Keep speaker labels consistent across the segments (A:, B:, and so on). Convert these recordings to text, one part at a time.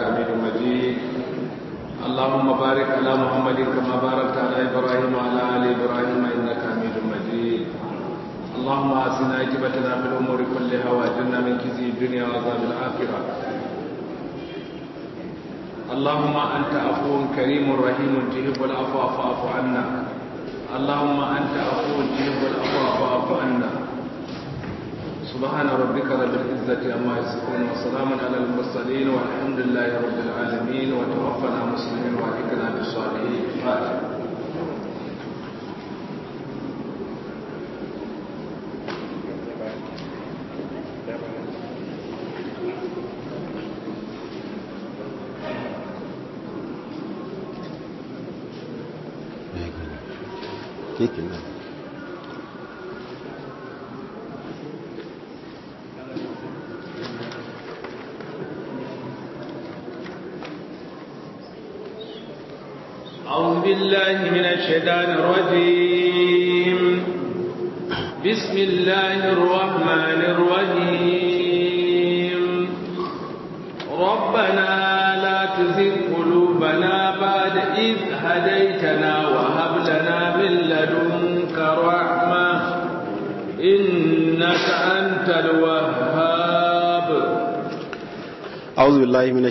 A: إنك حميد مجيد اللهم بارك على محمد كما باركت على إبراهيم وعلى آل إبراهيم إنك حميد مجيد اللهم أحسن عاقبتنا في الأمور كلها وأجرنا من خزي الدنيا وعذاب الآخرة اللهم أنت عفو كريم رحيم تهب العفو فاعف عنا اللهم أنت عفو تهب العفو فاعف عنا سبحان ربك رب العزة أما يصفون وسلام على المرسلين والحمد لله رب العالمين وتوفنا مسلمين وذكرنا بالصالحين فاتح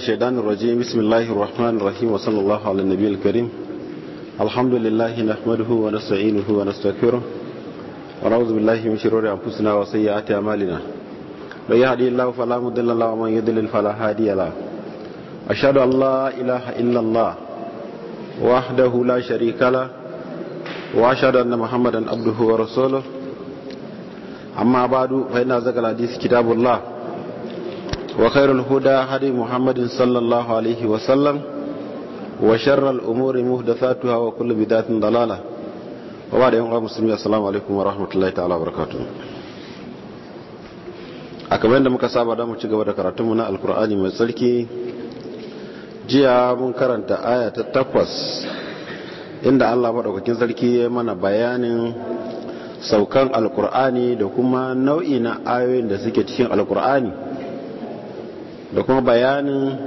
B: الشيطان الرجيم بسم الله الرحمن الرحيم وصلى الله على النبي الكريم الحمد لله نحمده ونستعينه ونستغفره ونعوذ بالله من شرور أنفسنا وسيئات أعمالنا من يهدي الله فلا مضل له ومن يضلل فلا هادي له أشهد أن لا إله إلا الله وحده لا شريك له وأشهد أن محمدا عبده ورسوله أما بعد فإن أزكى الحديث كتاب الله wa khairul huda hadi muhammadin sallallahu alaihi wa sallam wa sharral umuri muhdathatuha wa kullu bidatin dalala wa ba da yan uwa muslimi assalamu alaikum wa rahmatullahi ta'ala wa barakatuh akamar yanda muka saba da mu ci gaba da karatu mu na alqur'ani mai sarki jiya mun karanta aya ta takwas inda Allah madaukakin sarki ya mana bayanin saukan alqur'ani da kuma nau'i na ayoyin da suke cikin alqur'ani da kuma bayanin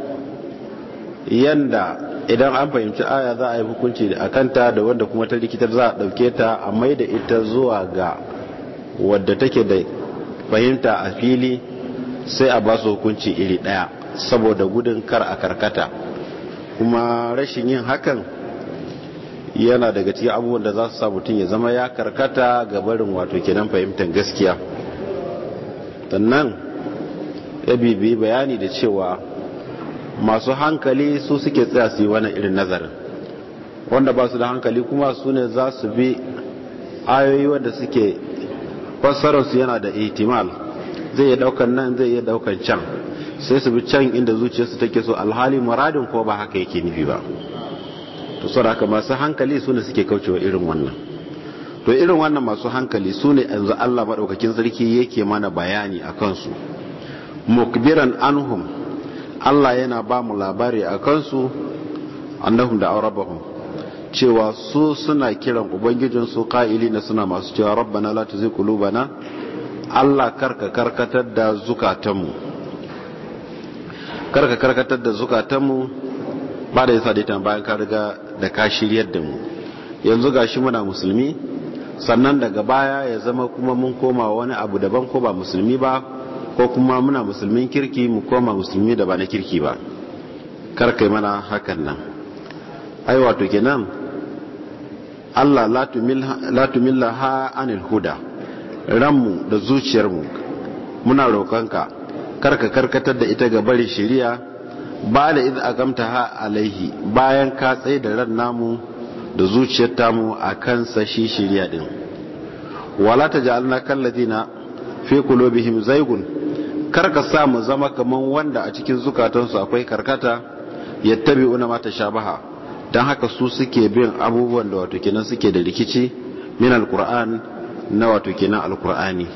B: yadda idan an fahimci aya za a yi hukunci a kanta da wanda kuma ta rikitar za a ɗauke ta a mai da ita zuwa ga wadda take da fahimta a fili sai a ba su hukunci iri ɗaya saboda gudun kar a karkata kuma rashin yin hakan yana daga cikin abubuwan da za su sa mutum ya zama ya karkata ga barin wato kenan fahimtar gaskiya sannan ya bibi bayani da cewa masu hankali su suke tsaya su yi wani irin nazarin wanda ba su da hankali kuma su ne za su bi ayoyi wanda suke fassararsu yana da itimal zai yi daukan nan zai yi daukan can sai su bi can inda zuciyarsu take so alhali muradin ko ba haka yake nufi ba to saboda masu hankali su ne suke kaucewa irin wannan to irin wannan masu hankali su ne yanzu Allah madaukakin sarki yake mana bayani a kansu mukbiran anhum Allah yana ba mu labari a kansu annahum da rabbahum cewa su suna kiran ubangijin su na suna masu cewa rabbana la tuzigh qulubana Allah karka karkatar da zukatanmu karka karkatar da zukatanmu ba da yasa dai tambayan ka riga da ka shiryar da mu yanzu gashi muna musulmi sannan daga baya ya zama kuma mun koma wani abu daban ko ba musulmi ba ko kuma muna musulmin kirki mu koma musulmi da ba na kirki ba kar kai mana hakan nan ai wato kenan Allah la tumilla ha anil huda ranmu da zuciyarmu muna roƙonka kar ka karkatar da ita ga bari shari'a ba da iz agamta ha alaihi bayan ka tsaye da ran namu da zuciyar tamu a kansa shi shari'a din wala ta tajalna kalladina fi qulubihim zaygun kar ka sa mu zama kaman wanda a cikin zukatansu akwai karkata yattabi'una mata shabaha dan haka su suke bin abubuwan da wato kenan suke da rikici min alquran na wato kenan alqurani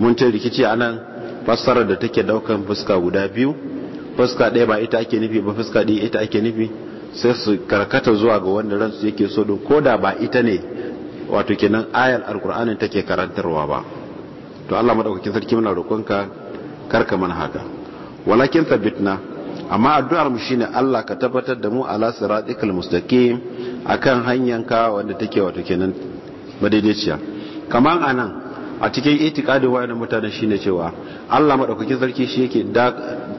B: mun ce rikici anan fassarar da take daukan fuska guda biyu fuska ɗaya ba ita ake nufi ba fuska ɗaya ita ake nufi sai su karkata zuwa ga wanda ransu yake so ko koda ba ita ne wato kenan ayar alqur'ani take karantarwa ba to Allah madaukakin sarki muna roƙonka karka mana haka walakin thabitna amma addu'ar mu shine Allah ka tabbatar da mu ala siratikal mustaqim akan ka wanda take wato kenan madaidaiciya kaman anan a cikin itikadin wayannan mutanen shine cewa Allah madaukakin sarki shi yake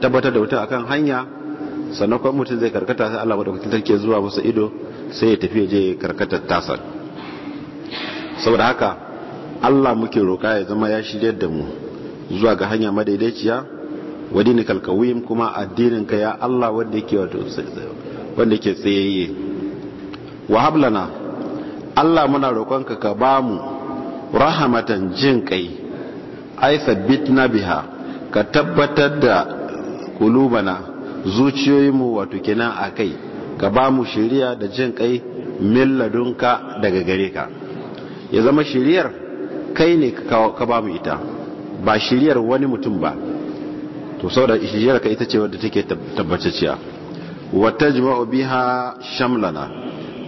B: tabbatar da mutum akan hanya sannan kuma mutum zai karkata sai Allah madaukakin sarki zuwa masa ido sai ya tafi je karkatar tasa saboda haka Allah muke roƙa ya zama ya shirya da mu zuwa ga hanya madaidaiciya wadini kalkawim kuma addinin ka ya Allah wanda yake wato wanda yake tsayayye wa hablana Allah muna roƙonka ka ka ba mu rahmatan jin kai ai sabbitna biha ka tabbatar da kulubana zuciyoyinmu wato kenan akai ka ba mu shiriya da jin kai milladunka daga gare ka ya zama shiriyar kai ne ka ba mu ita ba shiriyar wani mutum ba to saboda shiriyar ka ita ce wadda take tabbatacciya wa tajma'u biha shamlana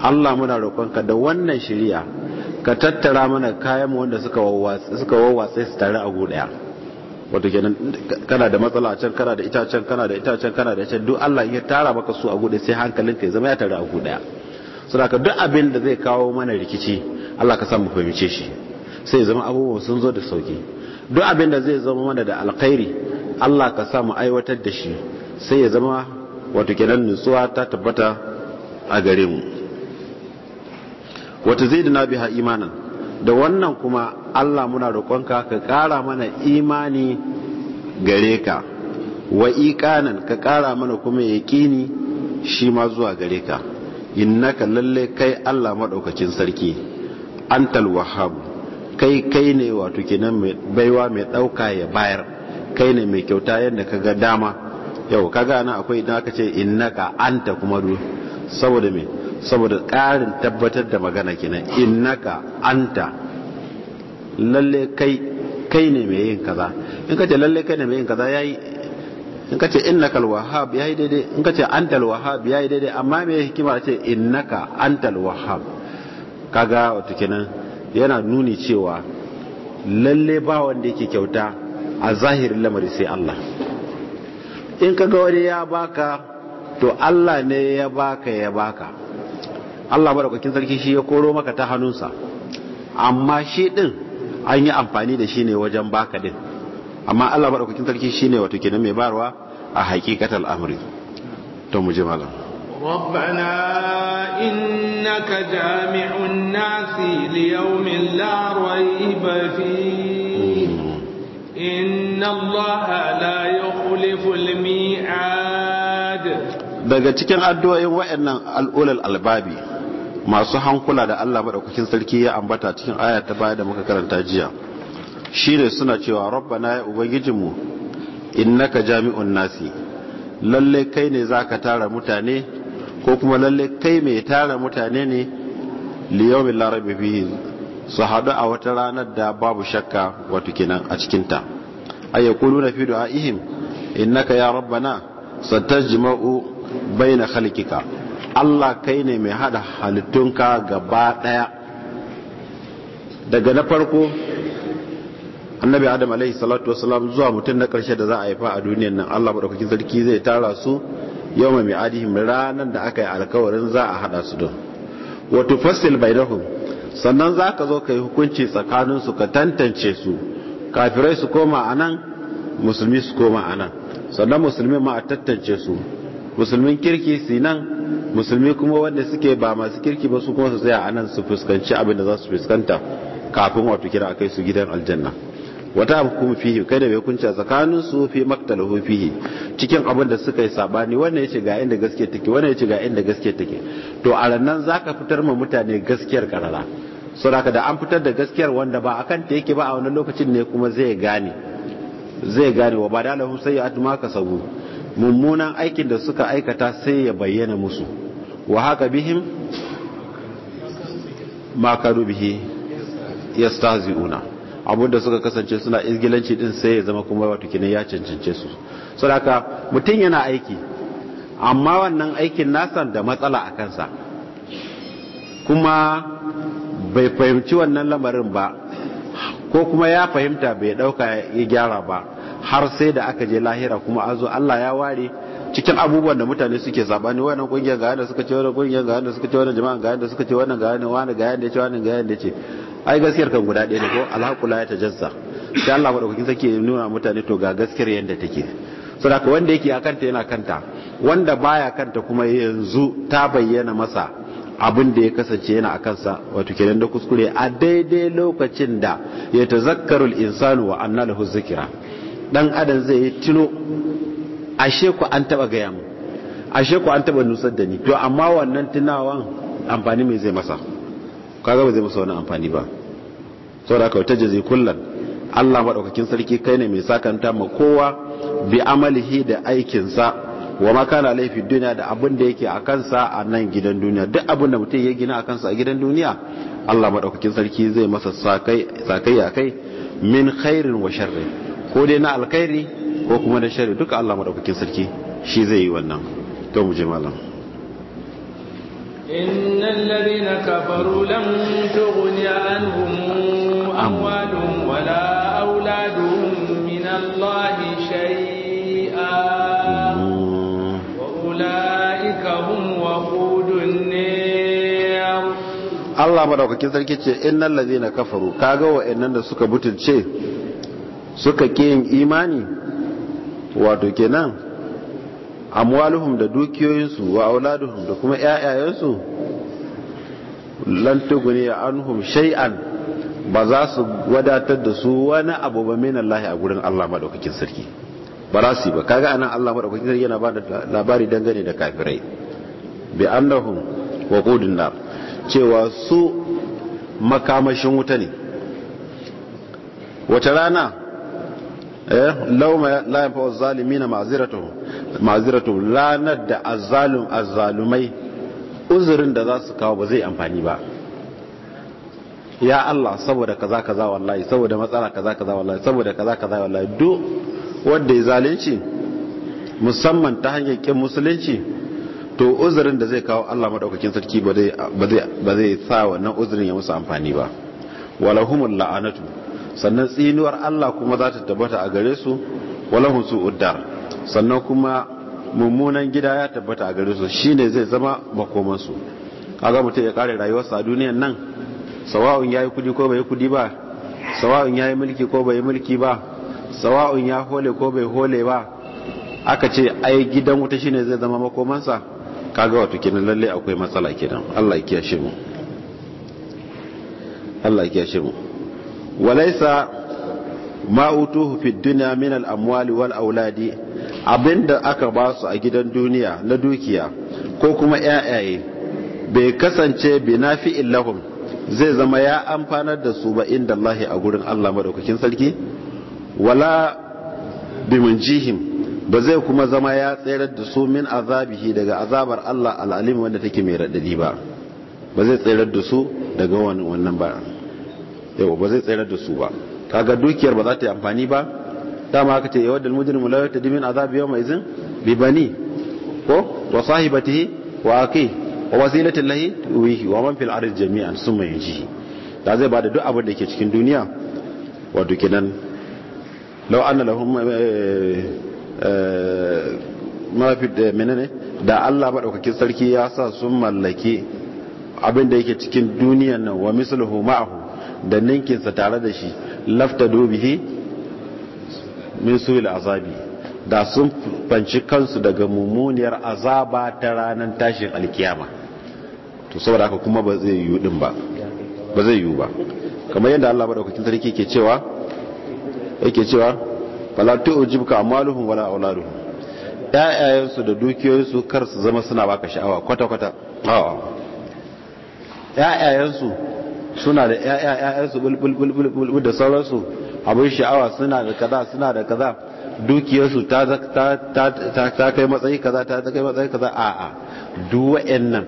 B: Allah muna roƙonka da wannan shiriya ka tattara mana kayan wanda suka wawwatsa su tare a gu daya wato kenan kana da matsala a can kana da ita can kana da ita can kana da can duk Allah ya tara maka su a gu sai hankalinka ya zama ya tare a gu daya saboda duk abin da zai kawo mana rikici Allah ka sa mu fahimce shi sai zama abubuwa sun zo da sauki duk abinda zai zama mana da alkhairi Allah ka sa mu aiwatar da shi sai ya zama wato kenan nutsuwa ta tabbata a gare mu wata zai da nabi imanan da wannan kuma Allah muna roƙonka ka ƙara mana imani gare ka wa ikanan ka ƙara mana kuma yaƙini shi ma zuwa gare ka innaka lalle kai Allah maɗaukacin sarki antal wahhab kai kai ne wato kenan mai baiwa mai dauka ya bayar kai ne mai kyauta yadda ka ga dama yau ka gana akwai idan aka ce innaka anta kuma du saboda me saboda ƙarin tabbatar da magana kenan innaka anta lalle kai kai ne mai yin kaza in ka ce lalle kai ne mai yin kaza yayi in ka ce innaka alwahhab yayi daidai in ka ce anta alwahhab yayi daidai amma me hikima ce innaka anta alwahhab kaga wato kenan yana nuni cewa lalle ba wanda yake kyauta a zahirin lamari sai Allah in ka ga wani ya baka to Allah ne ya baka ya baka Allah kwakin sarki shi ya koro maka ta hannunsa amma shi din an yi amfani da shi ne wajen baka din amma Allah kwakin sarki shi ne wato kenan mai barwa a haƙiƙatar amurin to mu ji malam
A: ربنا إنك جامع الناس ليوم لا ريب فيه إن الله لا يخلف الميعاد
B: daga cikin addu'o'in wa'annan al'ulal albabi masu hankula da Allah madaukakin sarki ya ambata cikin aya ta baya da muka karanta jiya shine suna cewa rabbana ya ubangijinmu innaka jami'un nasi lalle kai ne zaka tara mutane ko kuma lalle kai mai tara mutane ne liyomin Larabe fiye su haɗu a wata ranar da babu shakka wato kenan a cikinta ay na fi In innaka ya rabbana bai na khalqika Allah kai ne mai hada halittunka gaba ɗaya daga na farko annabi adam alaihi salatu wasalam zuwa mutum na karshe da za a haifa a duniyan nan Allah maɗaukakin sarki zai tara su yau mai adihim ranar da aka yi alkawarin za a hada su don wato fasil bai sannan za ka zo ka yi hukunci tsakaninsu ka tantance su kafirai su koma a nan musulmi su koma a nan sannan musulmi ma a tantance su musulmin kirki su nan musulmi kuma wanda suke ba masu kirki ba su kuma su tsaya a nan su fuskanci abin da za su fuskanta kafin wato kira a kai su gidan aljanna wata hukumu fihi kai da bai kunce tsakanin su fi maktalahu fihi cikin abin da suka yi sabani wannan yace ga inda gaske take wannan yace ga inda gaske take to a nan zaka fitar ma mutane gaskiyar karara saboda da an fitar da gaskiyar wanda ba akan ta yake ba a wannan lokacin ne kuma zai gane zai gane wa badalahu sayyi'at ma kasabu mummunan aikin da suka aikata sai ya bayyana musu wa haka bihim ma karubihi yastazi'una abinda suka kasance suna izgilanci din sai ya zama kuma wato kinai ya cancance su saboda mutum yana aiki amma wannan aikin nasa da matsala a kansa kuma bai fahimci wannan lamarin ba ko kuma ya fahimta bai dauka ya gyara ba har sai da aka je lahira kuma azo Allah ya ware cikin abubuwan da mutane suke sabani wannan kungiyar ga yadda suka ce wannan kungiyar ga yadda suka ce wannan jama'a ga yadda suka ce wannan ga yadda wani ga yadda ce wani ga yadda ce ai gaskiyar kan guda ɗaya ne ko alhakula la yatajazza sai Allah madaukakin sarki nuna mutane to ga gaskiyar yadda take saboda wanda yake akanta yana kanta wanda baya kanta kuma yanzu ta bayyana masa abin da ya kasance yana a kansa wato kenan da kuskure a daidai lokacin da ya tazakkaru al-insanu wa anna lahu zikra dan adam zai yi tuno ashe ku an taba gaya mu ashe ku an taba nusar da ni to amma wannan tunawan amfani mai zai masa kaga ba zai musu wani amfani ba sau da kawai ta jaze kullum Allah maɗaukakin sarki kai ne mai sakanta ma kowa bi amalihi da aikinsa wa ma kana laifi duniya da abin da yake a kansa a nan gidan duniya duk abin da mutum ya gina a kansa a gidan duniya Allah maɗaukakin sarki zai masa sakai a kai min khairin wa sharri ko dai na alkhairi ko kuma na sharri duka Allah maɗaukakin sarki shi zai yi wannan to mu je malam
A: إن الذين كفروا لن تغني عنهم أموال ولا أولاد من الله شيئا وأولئك هم وقود النار
B: الله مدوكاكين sarki ce إن الذين كفروا كاغوا إن da suka butulce suka ke yin imani wato kenan amwaluhum da dukiyoyinsu wa auladuhum da kuma ƴaƴayensu lan tuguni anhum shay'an ba za su wadatar da su wani abu ba min Allah a gurin Allah madaukakin sarki ba za su ba kaga anan Allah madaukakin sarki yana ba da labari dangane da kafirai bi annahum qudun nar cewa su makamashin wuta ne wata rana Eh, lauma la fa az-zalimina ma'ziratuhum ma'ziratuhum lanar da azalumai uzurin da za su kawo ba zai amfani ba ya Allah saboda kaza kaza wallahi saboda matsala kaza kaza wallahi saboda kaza kaza wallahi duk wanda ya zalunci musamman ta hanyar kin musulunci to uzurin da zai kawo Allah madaukakin sarki ba zai ba zai sa wannan uzurin ya musu amfani ba walahumul la'anatu sannan tsinuwar Allah kuma za ta tabbata a gare su walahun su uddar sannan kuma mummunan gida ya tabbata a gare su shine zai zama makomansu kaga mutum ya kare rayuwarsa a duniyan nan sawa'un ya yi kudi ko bai kudi ba sawa'un ya yi mulki ko bai mulki ba sawa'un ya hole ko bai hole ba aka ce ai gidan wuta shine zai zama makomansa kaga wato kenan lalle akwai matsala kenan Allah ya kiyashe mu Allah ya kiyashe mu walaisa ma'utuhu fi duniya min al'amwali wal auladi abinda aka ba su a gidan duniya na dukiya ko kuma yayaye bai kasance bi fi zai zama ya amfanar da su ba inda Allah a gurin Allah madaukakin sarki wala bimunjihim ba zai kuma zama ya tsayar da su min azabihi daga azabar Allah al'alim wanda take mai raɗaɗi ba ba zai tsayar da su daga wannan ba Yau ba zai tsayar da su ba kaga dukiyar ba za ta yi amfani ba dama aka ce yawaddal eh, mujrimu la yatadi min azab yau izin bi bibani ko wa sahibatihi wa akhi wa wasilatin lahi wihi wa man fil ardi jami'an mai yunjihi da zai bada duk abin da ke cikin duniya wa dukinan law anna lahum eh, eh, ma fi menene da Allah madaukakin sarki ya sa sun mallake abin da yake cikin duniyan nan wa misluhu ma'ahu da ninkinsa tare da shi lafta dobihi min suwil azabi da sun fanci kansu daga mummuniyar azaba ta ranar tashin alkiyama to saboda haka kuma ba zai yiwu din ba ba zai yiwu ba kamar yadda Allah madaukakin sarki yake cewa yake cewa fala tu'jibka amaluhum wala auladuhum ƴaƴayensu da dukiyoyinsu kar su zama suna baka sha'awa kwata kwata ƴaƴayensu suna da ƴaƴa ƴaƴansu bulbul da sauransu abin sha'awa suna da kaza suna da kaza dukiyarsu ta ta ta ta kai matsayi kaza ta ta kai matsayi kaza a'a duk wa'annan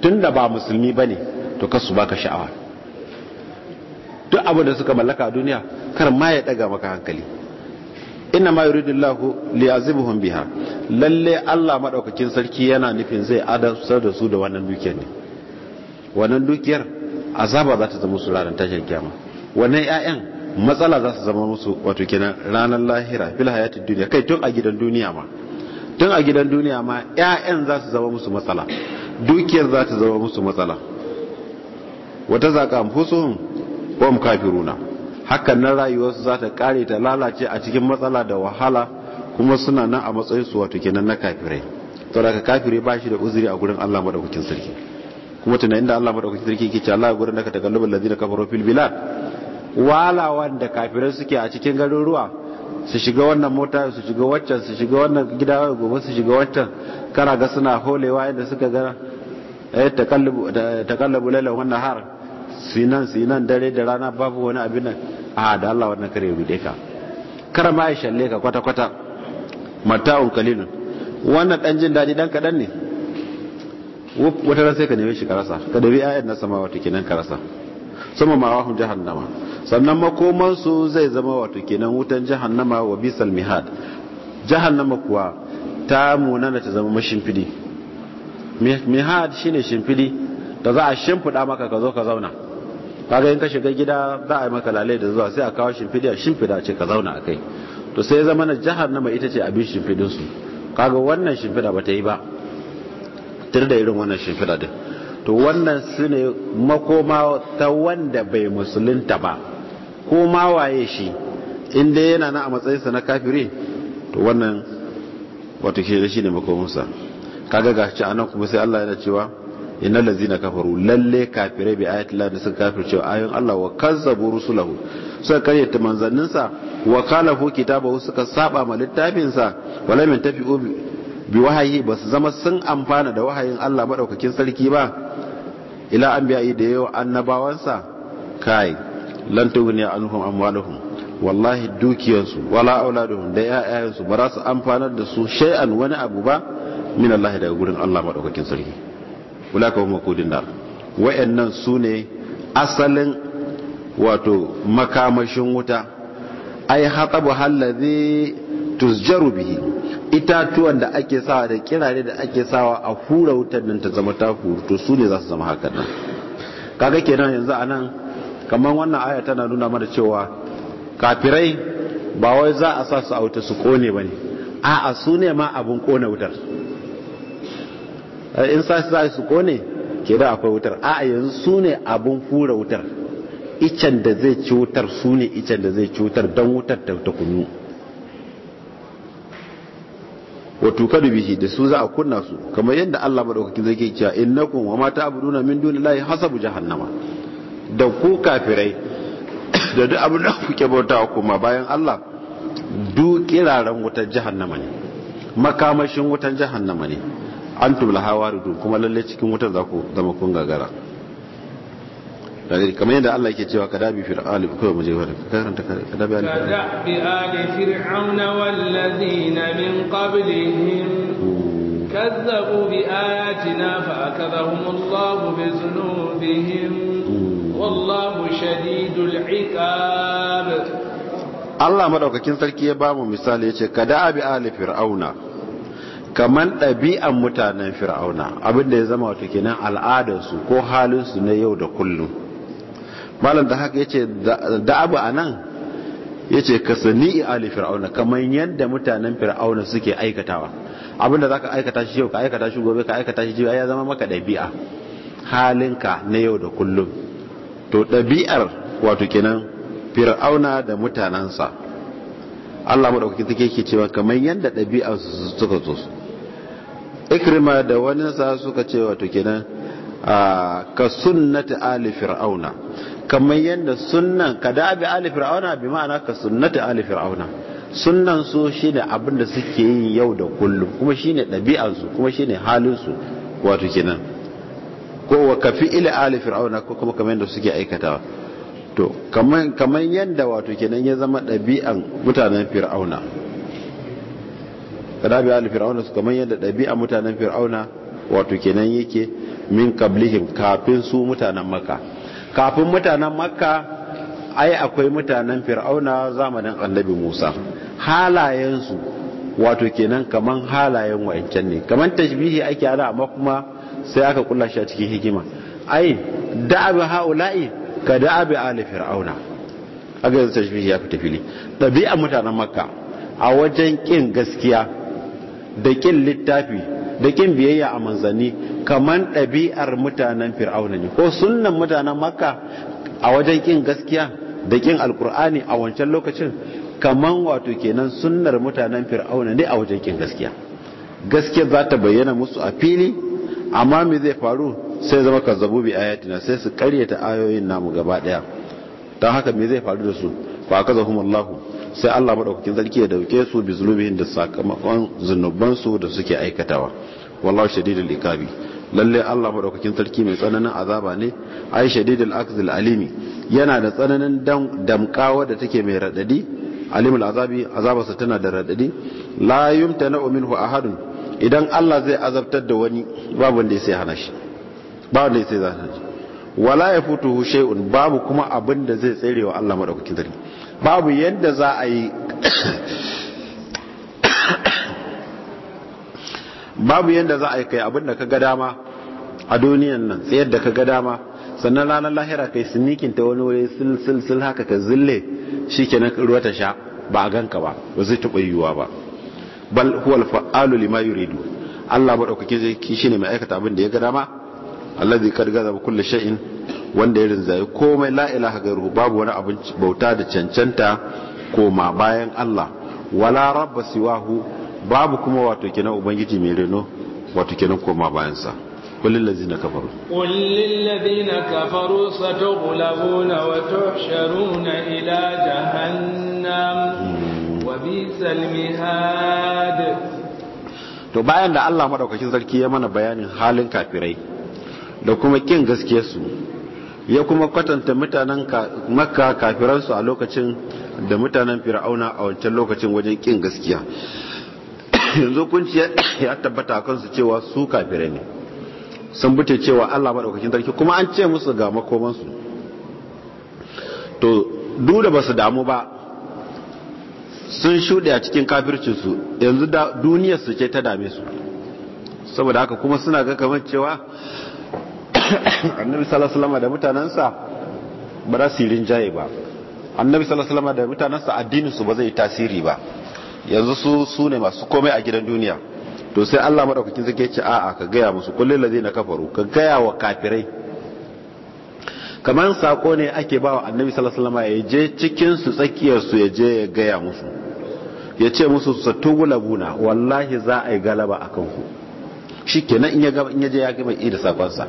B: tunda ba musulmi bane to kasu baka sha'awa duk abin da suka mallaka a duniya kar ma ya daga maka hankali inna ma yuridullahu liyazibhum biha lalle Allah madaukakin sarki yana nufin zai adasar da su da wannan dukiyar ne wannan dukiyar azaba za ta zama musu ranar tashin kyama wannan 'ya'yan matsala za su zama musu wato kenan ranar lahira fil hayatid duniya kai tun a gidan duniya ma tun a gidan duniya ma 'ya'yan za su zama musu matsala dukiyar za ta zama musu matsala wata zaka amfusun wa kafiruna hakan nan rayuwarsu za ta kare ta lalace a cikin matsala da wahala kuma suna nan a matsayin su wato kenan na kafirai to da ba shi da uzuri a gurin Allah madaukakin sarki kuma tunanin da Allah madaukakin sarki yake cewa Allah gurin da ka takallubal ladina kafaru fil bilad wala wanda kafirai suke a cikin garuruwa su shiga wannan mota su shiga waccan su shiga wannan gida gobe su shiga waccan kana ga suna holewa inda suka ga eh takallubu takallubu laila wannan har sinan sinan dare da rana babu wani abin nan a da Allah wannan kare rude ka kar ma ya shalle ka kwata kwata mata'un qalilun wannan dan jin dadi dan kadan ne wata ran ka neme shi ka rasa ka dabi ayat na sama wato kenan ka rasa sama ma wahum jahannama sannan makoman su zai zama wato kenan wutan jahannama wa bisal mihad jahannama kuwa ta munana ta zama mashimfidi mihad shine shimfidi da za a shimfida maka ka zo ka zauna kaga in ka shiga gida za a yi maka lalai da zuwa sai a kawo shimfidi a shimfida ce ka zauna a kai to sai zama na jahannama ita ce abin shimfidin su kaga wannan shimfida ba ta yi ba tare da irin wannan shimfiɗa din to wannan su ne makoma ta wanda bai musulunta ba ko ma waye shi inda yana na a matsayinsa na kafiri to wannan wata ke shi ne makomansa kaga ga ci anan kuma sai Allah yana cewa innal ladzina kafaru lalle kafirai bi ayati Allah da sun kafir cewa ayoyin Allah wa kazzabu rusulahu suka karyata manzanninsa wa kalafu kitabahu suka saba ma littafinsa wala min tafi'u bi wahayi ba su zama sun amfana da wahayin Allah maɗaukakin sarki ba ila an biya da yawa annabawansa kai lan ne a amwaluhum wallahi dukiyarsu wala auladuhum da ƴaƴayensu ba za su amfanar da su shay'an wani abu ba min Allah daga gurin Allah maɗaukakin sarki ulaka hum kudin nar wa'annan sune asalin wato makamashin wuta ai hatabu hallazi tusjaru bihi itatuwan da ake sawa da kirare da ake sawa a hura wutar nan ta zama ta to su ne za su zama haka nan kaga kenan yanzu a nan kamar wannan aya tana nuna mana cewa kafirai ba wai za a sa su a wuta su kone ba ne a'a su ne ma abin kone wutar eh, in sa su za su kone ke da akwai wutar a'a yanzu su ne abin hura wutar icen da zai ci wutar su ne icen da zai ci wutar don wutar ta kunu wa tukadu bihi da su za a kunna su kamar yadda Allah madaukakin zai ke cewa innakum wa ma ta'buduna min dunillahi hasabu jahannama da ku kafirai da duk abin da kuke bauta kuma bayan Allah duk kiraren wutar jahannama ne makamashin wutar jahannama ne antum laha kuma lalle cikin wutar za ku zama kun gagara kamar yadda Allah yake cewa kadabi fir'auna kawai mu wa ka karanta kadabi ali kadabi
A: ali fir'auna wal ladina min qablihim kazzabu bi ayatina fa akadhahum Allah bi dhunubihim wallahu shadidul iqab
B: Allah madaukakin sarki ya ba mu misali yace kadabi ali fir'auna kaman dabi'an mutanen fir'auna abinda ya zama wato kenan al'adarsu ko halin su na yau da kullum malam da haka yace abu anan yace ka sani ali fir'auna kamar yadda mutanen fir'auna suke aikatawa abinda zaka aikata shi yau ka aikata shi gobe ka aikata shi jiya ya zama maka ɗabi'a halinka na yau da kullum to ɗabi'ar wato kenan fir'auna da mutanansa, Allah mu dauki take ke cewa kamar yadda ɗabi'a suka zo ikrima da wani sa suka ce wato kenan ah, ka sunnati ali fir'auna kamar yadda sunan ka da abi ali fir'auna bi ma'ana ka sunnati ali fir'auna sunan su shine abin da suke yi yau da kullum kuma shine ɗabi'ar su kuma shine halin su wato kenan ko wa kafi ila ali fir'auna ko kuma kamar yadda suke aikatawa to kamar kamar yadda wato kenan ya zama ɗabi'an mutanen fir'auna kada bi ali fir'auna su kamar yadda ɗabi'an mutanen fir'auna wato kenan yake min kablihim kafin su mutanen makka kafin mutanen makka ai akwai mutanen fir'auna zamanin annabi musa halayensu wato kenan kaman halayen wa'ancan ne kaman tashbihi ake ana amma kuma sai aka kulla shi a cikin hikima ai da'abi haula'i ka da'abi ali fir'auna aka yanzu tashbihi ya fita fili ɗabi'a mutanen makka a wajen ƙin gaskiya da ƙin littafi da kin biyayya a manzanni kaman ɗabi'ar mutanen fir'auna ne ko sunnan mutanen makka a wajen kin gaskiya da kin alkur'ani a wancan lokacin kaman wato kenan sunnar mutanen fir'auna ne a wajen kin gaskiya gaskiya za ta bayyana musu a fili amma me zai faru sai zama kazzabu bi ayatina sai su karyata ayoyin namu gaba daya don haka me zai faru da su fa kazahumullahu sai Allah madaukakin sarki ya dauke su bi zulubihin da sakamakon zunuban su da suke aikatawa wallahu shadidul iqabi lalle Allah madaukakin sarki mai tsananin azaba ne ai shadidul akzil alimi yana da tsananin damkawa da take mai radadi alimul azabi azabarsa tana da radadi la yumtana minhu ahadun idan Allah zai azabtar da wani babu wanda ya sai hana shi babu wanda ya sai zana shi wala ya shay'un babu kuma abin da zai tserewa Allah madaukakin sarki babu yadda za a yi babu yadda za a yi kai abinda ka ga dama a duniyan nan tsayar da ka ga dama sannan ranar lahira kai sinikin ta wani wuri sil haka ka zille shi ke na ruwa ta sha ba a ganka ba ba zai taɓa yiwuwa ba bal huwal fa'alu lima yuridu Allah maɗaukaki zai shi ne mai aikata abin da ya ga dama zai kad gaza kulle sha'in wanda ya rinzaye komai la ilaha gairuhu babu wani abin bauta da cancanta koma bayan Allah wala rabba siwahu babu kuma wato kenan ubangiji mai reno wato kenan koma bayan sa kafaru للذين
A: كفروا kafaru satughlabuna wa tuhsharuna ila jahannam hmm. wa وبئس المهاد
B: to bayan da Allah madaukakin sarki ya mana bayanin halin kafirai da kuma kin su. ya kuma kwatanta mutanen makka kafiransu a lokacin da mutanen fir'auna a wancan lokacin wajen kin gaskiya yanzu kunci ya tabbata a kansu cewa su kafirai ne sun bute cewa allah maɗaukakin sarki kuma an ce musu ga makomansu to duda ba su damu ba sun shuɗe a cikin kafircinsu yanzu duniyarsu ce ta dame su saboda haka kuma suna ga kamar cewa annabi sallallahu alaihi da mutanansa ba za su yi rinjaye ba annabi sallallahu alaihi da mutanansa addinin su ba zai tasiri ba yanzu su su ne masu komai a gidan duniya to sai Allah madaukakin zai ce a'a ka gaya musu kullil na kafaru ka gaya wa kafirai kamar sako ne ake ba wa annabi sallallahu alaihi wasallam ya je cikin su tsakiyar su ya je ya gaya musu ya ce musu sattu buna wallahi za a yi galaba akan ku shikenan in ya gaba in ya je ya gaba da sakonsa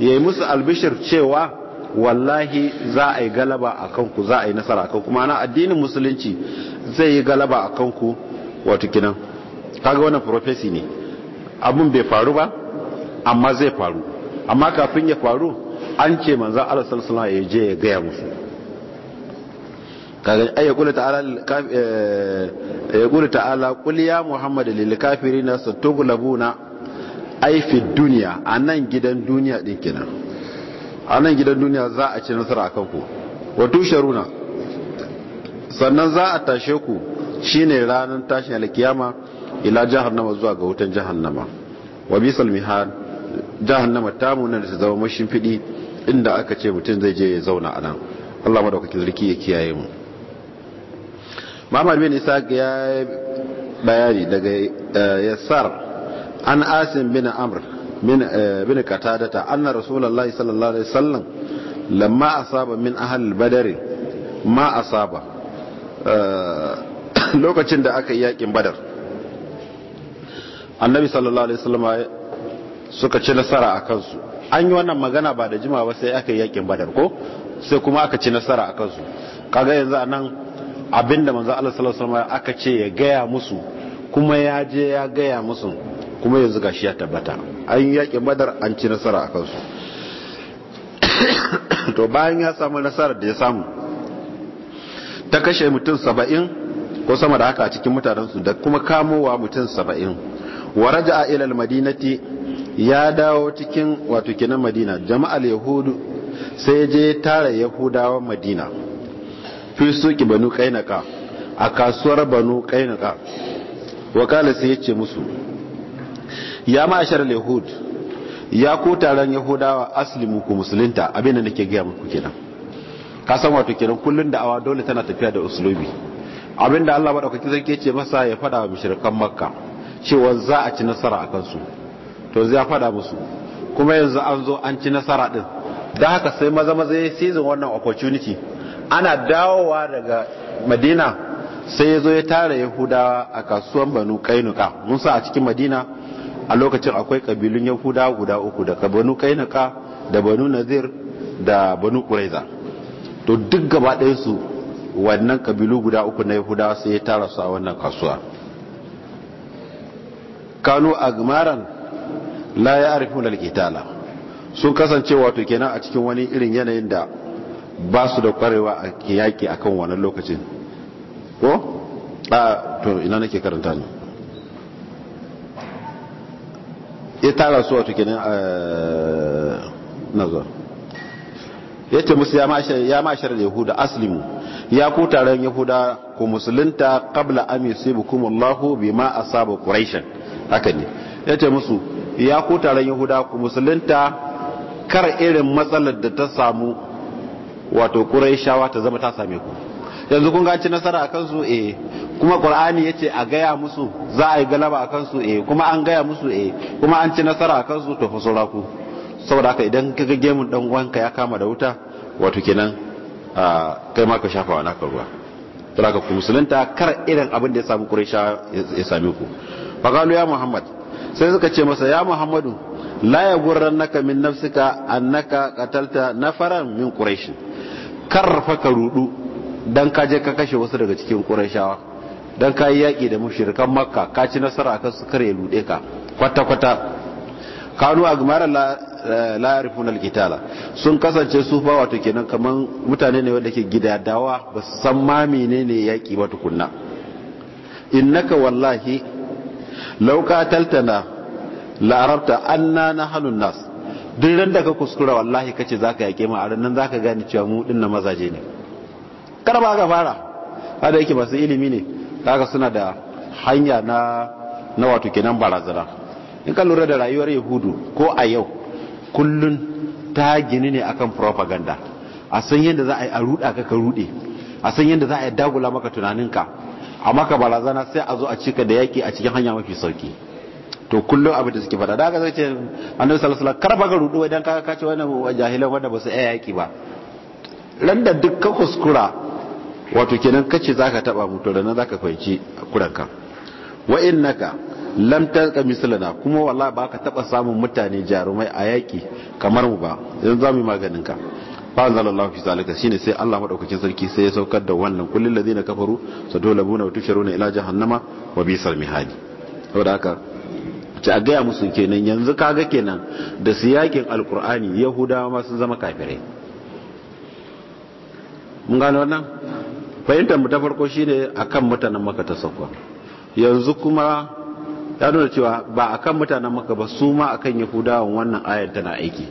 B: yayi musu albishir cewa wallahi za a yi galaba a kanku za a yi nasara a kanku na addinin musulunci zai yi galaba a kanku wato kinan kaga wannan prophecy ne abun bai faru ba amma zai faru amma kafin ya faru an ce manzan Allah sallallahu ya je ya gaya musu kaga ay ta'ala eh, yaqulu ta'ala qul ya na lil kafirina satughlabuna aifin duniya a nan gidan duniya ɗin kenan a nan gidan duniya za a ci nasara a kanku wato sharuna sannan za a tashe ku shine ranar tashin alkiyama ila jahannama zuwa ga wutan jahannama wa bisal jihar jahannama ta munar da su zama mashin fidi inda aka ce mutum zai je ya zauna a nan Allah madaukakin zirki ya kiyaye mu Muhammad bin Isa ya bayani daga eh, Yasar an asin bin amr bin katadata anna rasulullahi sallallahu alaihi wasallam lamma asaba min ahal badari ma asaba lokacin da aka yi yakin badar annabi sallallahu alaihi wasallam suka ci nasara a kansu an yi wannan magana ba da jimawa sai aka yi yakin badar ko sai kuma aka ci nasara a kansu kaga yanzu anan abinda manzo Allah sallallahu alaihi wasallam aka ce ya gaya musu kuma ya je ya gaya musu kuma yanzu gashi ya tabbata an yaƙi madar an ci nasara a kansu to bayan ya samu nasarar da ya samu ta kashe mutum saba'in ko sama da haka a cikin mutanensu da kuma kamowa mutum saba'in waraja a ilal madinati ya dawo cikin wato kinan madina jama'al yahudu sai je tara yahudawa madina fi suki banu kainaka a kasuwar banu kainaka wakala sai ya ce musu ya ma'ashar yahud ya ko taron yahudawa aslimu ku musulunta abinda nake gaya muku kenan ka san wato kenan kullun da awa dole tana tafiya da uslubi abinda Allah madaukakin sarki ke ce masa ya fada wa mushrikan makka cewa za a ci nasara a kansu to zai fada musu kuma yanzu an zo an ci nasara din da haka sai maza maza ya season wannan opportunity ana dawowa daga madina sai ya zo ya tara yahudawa a kasuwan banu kainuka mun sa a cikin madina a lokacin akwai kabilun yahuda guda uku daga banu kainaka da banu nazir da banu kuraiza to duk gaba su wannan kabilu guda uku na yahuda sai ya tara su a wannan kasuwa kanu agmaran la ya na alkitala sun kasance wato kenan a cikin wani irin yanayin da ba su da kwarewa a yaƙi a kan wannan lokacin ko ɗa to ina nake karanta ne ya tara su wato kenan a eh, nazar ya ce musu ya mashar da yahuda aslimu ya ku taron yahuda ku musulunta qabla an yusibukum Allahu bima sabu quraishan haka ne ya ce musu ya ku taron yahuda ku musulunta kar irin matsalar da ta samu wato quraishawa ta zama ta same ku yanzu kun ci nasara a kansu eh kuma qur'ani yace a gaya musu za a yi galaba a kansu eh kuma an gaya musu eh kuma an ci nasara a kansu to fa ku saboda haka idan kaga gemun dan uwanka ya kama da wuta wato kenan kai ma ka shafa wa naka ruwa saboda haka ku musulunta kar irin abin da ya samu quraisha ya same ku faqalu ya muhammad sai suka ce masa ya muhammadu la naka min nafsika annaka qatalta nafaran min quraish kar fa ka rudu dan ka je ka kashe wasu daga cikin qurayshawa dan ka yi yaki da mushrikan makka ka ci nasara akan su kare lude ka kwata kwata kanu a la eh, la yarifuna alqitala sun kasance su fa wato kenan kaman mutane ne wanda ke gidadawa ba su san ma menene yaki ba tukunna innaka wallahi law qataltana la arabta anna nahnu nas duk ran da ka kuskura wallahi kace zaka yake mu a ran zaka gane cewa mu dinna mazaje ne karba ga fara kada yake masu ilimi ne kaga suna da hanya na na wato kenan barazana in ka lura da rayuwar yahudu ko a yau kullun ta gini ne akan propaganda a san yadda za a yi a ruɗa ka ka ruɗe a san yadda za a yi dagula maka tunaninka a maka barazana sai a zo a cika da yaƙi a cikin hanya mafi sauki to kullum abin da suke faɗa da aka zai ce annabi sallallahu alaihi wasallam karba ga ruɗu idan ka kace wannan jahilan wanda ba su iya ba Randa duk ka kuskura wato kenan kace zaka taba mu to da nan zaka fahimci kuranka wa innaka lam talqa mislana kuma wallahi baka taba samun mutane jarumai a yaki kamar mu ba yanzu zamu maganin ka fa zalallahu fi zalika shine sai Allah madaukakin sarki sai ya saukar da wannan kullu ladina kafaru sadulabuna wa tusharuna ila jahannama wa bisal mihadi saboda haka ci a gaya musu kenan yanzu kaga kenan da su yakin alkur'ani yahudawa ma sun zama kafirai mun gane wannan fahimtar mu ta farko shine akan mutanen maka ta sauka yanzu kuma ya nuna cewa ba akan mutanen maka ba su ma akan yahudawan wannan ayar tana aiki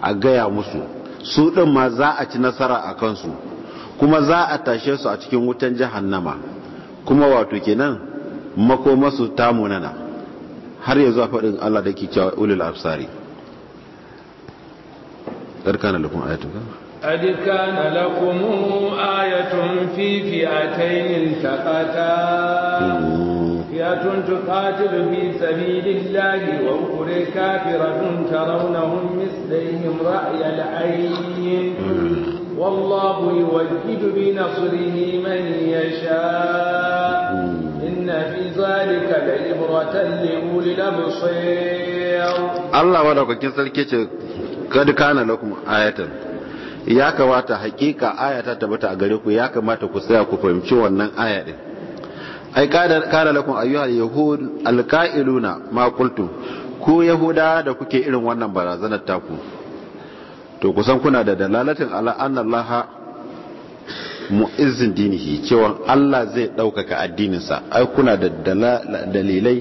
B: a gaya musu su ɗin ma za a ci nasara a kansu kuma za a tashe su a cikin wutan nama kuma wato kenan masu ta nana har yanzu a faɗin Allah da ke cewa ulil absari na ayatuka
A: قد كان لكم آية في فئتين التقتا فئة تقاتل في سبيل الله وأخرى كافرة ترونهم مثلهم رأي العين والله يوجد بنصره من يشاء إن في ذلك لعبرة لأولي الأبصير
B: الله ودعوك كنسل كيتش قد كان لكم آية ya kamata hakika aya ta tabbata a gare ku ya kamata ku tsaya ku fahimci wannan aya din ai kada lakum ayyuha yahud alqailuna ma qultum ku yahuda da kuke irin wannan barazanar taku to kusan kuna da dalalatin ala annallaha mu'izzin dinihi cewa Allah zai ɗaukaka addininsa ai kuna da dalilai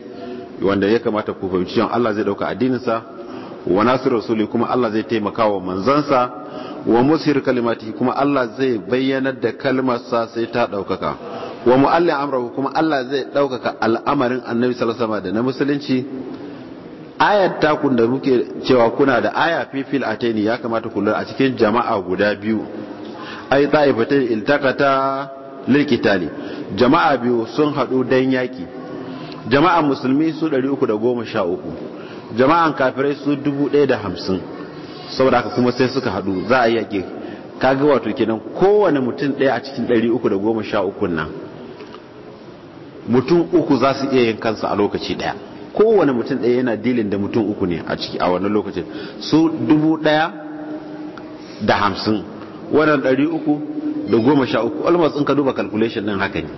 B: wanda ya kamata ku fahimci cewa Allah zai ɗauka addininsa wa nasiru rasuli kuma Allah zai taimaka wa manzansa wa musir kalimati kuma Allah zai bayyanar da kalmarsa sai ta ɗaukaka wa mu'alli amrahu kuma Allah zai ɗaukaka al'amarin annabi sallallahu alaihi da na musulunci ayat kun da muke cewa kuna da aya fifil ataini ya kamata ku a cikin jama'a guda biyu ai ta'ifatain iltaqata lilqitali jama'a biyu sun hadu dan yaki jama'a musulmi su 313 jama'an kafirai su 1050 saboda haka kuma sai suka hadu za a yaƙi kaga wato kenan kowane mutum ɗaya a cikin ɗari uku da goma sha uku nan mutum uku za su iya yin kansa a lokaci ɗaya kowane mutum ɗaya yana dilin da mutum uku ne a ciki a wannan lokacin su dubu ɗaya da hamsin wannan ɗari uku da goma sha uku almas in ka duba calculation ɗin haka ne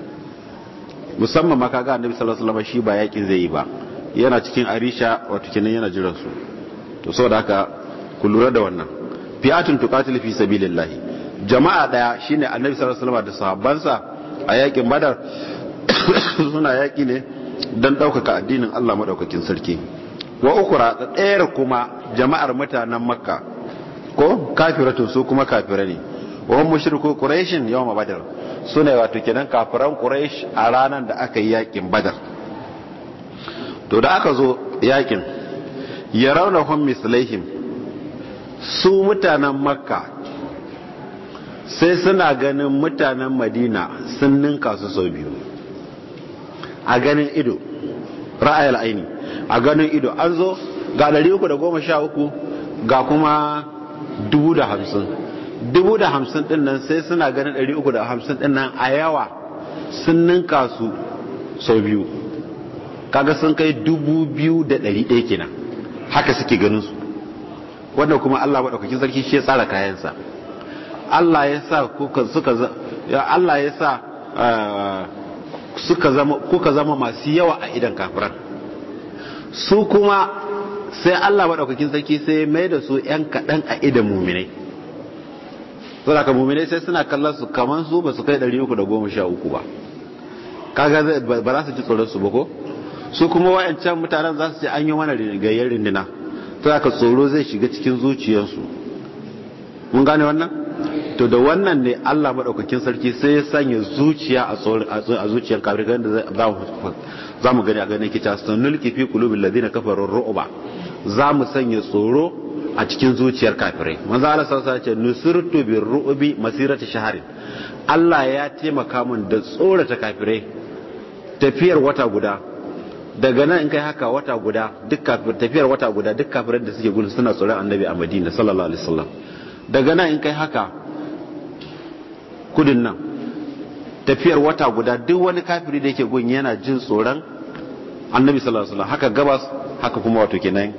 B: musamman ma kaga annabi sallallahu alaihi wasallam shi ba yakin zai yi ba yana cikin arisha wato kenan yana jiran su to saboda haka ku da wannan fi'atun tuqatil fi sabilillah jama'a daya shine annabi sallallahu alaihi wasallam da sahabbansa a yakin badar suna yaki ne don ɗaukaka addinin Allah madaukakin sarki wa ukura ratsa tsayar kuma jama'ar mutanen makka ko kafiratu su kuma kafira ne wa mushriku quraishin yawma badar sune wato kenan kafiran quraish a ranar da aka yi yakin badar to da aka zo yakin yarawna hum mislaihim su mutanen makka sai suna ganin mutanen madina sun ninka su sau biyu a ganin ido ra'ayar aini a ganin ido an zo ga 313 ga kuma 250 50,000 din nan sai suna ganin 350 din nan a yawa sun ninka su sau biyu kaga sun kai 2,100 kina haka suke ganin su wannan kuma Allah madaukakin sarki shi ya tsara kayansa Allah ya sa kuka suka Allah ya sa ah, suka zama kuka zama masu yawa a idan kafiran su kuma sai Allah madaukakin sarki sai mai da su yan kadan a idan mu'minai saboda ka mu'minai sai suna kallon su kaman su ba su kai 313 ba kaga ba za su ji tsoron su ba ko su kuma wa'ancan mutanen za su ce an yi mana gayyar rindina ta ka tsoro zai shiga cikin zuciyarsu mun gane wannan to da wannan ne Allah maɗaukakin sarki sai ya sanya zuciya a zuciyar kafirai da za mu gani a ganin kita kulubi kifi qulubil na kafaru ru'uba za mu sanya tsoro a cikin zuciyar kafirai manzo Allah sallallahu ce nusurtu bir ru'bi masirata shaharin Allah ya taimaka mun da tsorata kafirai tafiyar wata guda daga nan in kai haka wata guda duk kafir tafiyar wata guda duk kafirar da suke gudu suna tsoron annabi a madina sallallahu alaihi wasallam daga nan in kai haka kudin nan tafiyar wata guda duk wani kafiri da yake gun yana jin tsoron annabi sallallahu alaihi wasallam haka gabas haka kuma wato kenan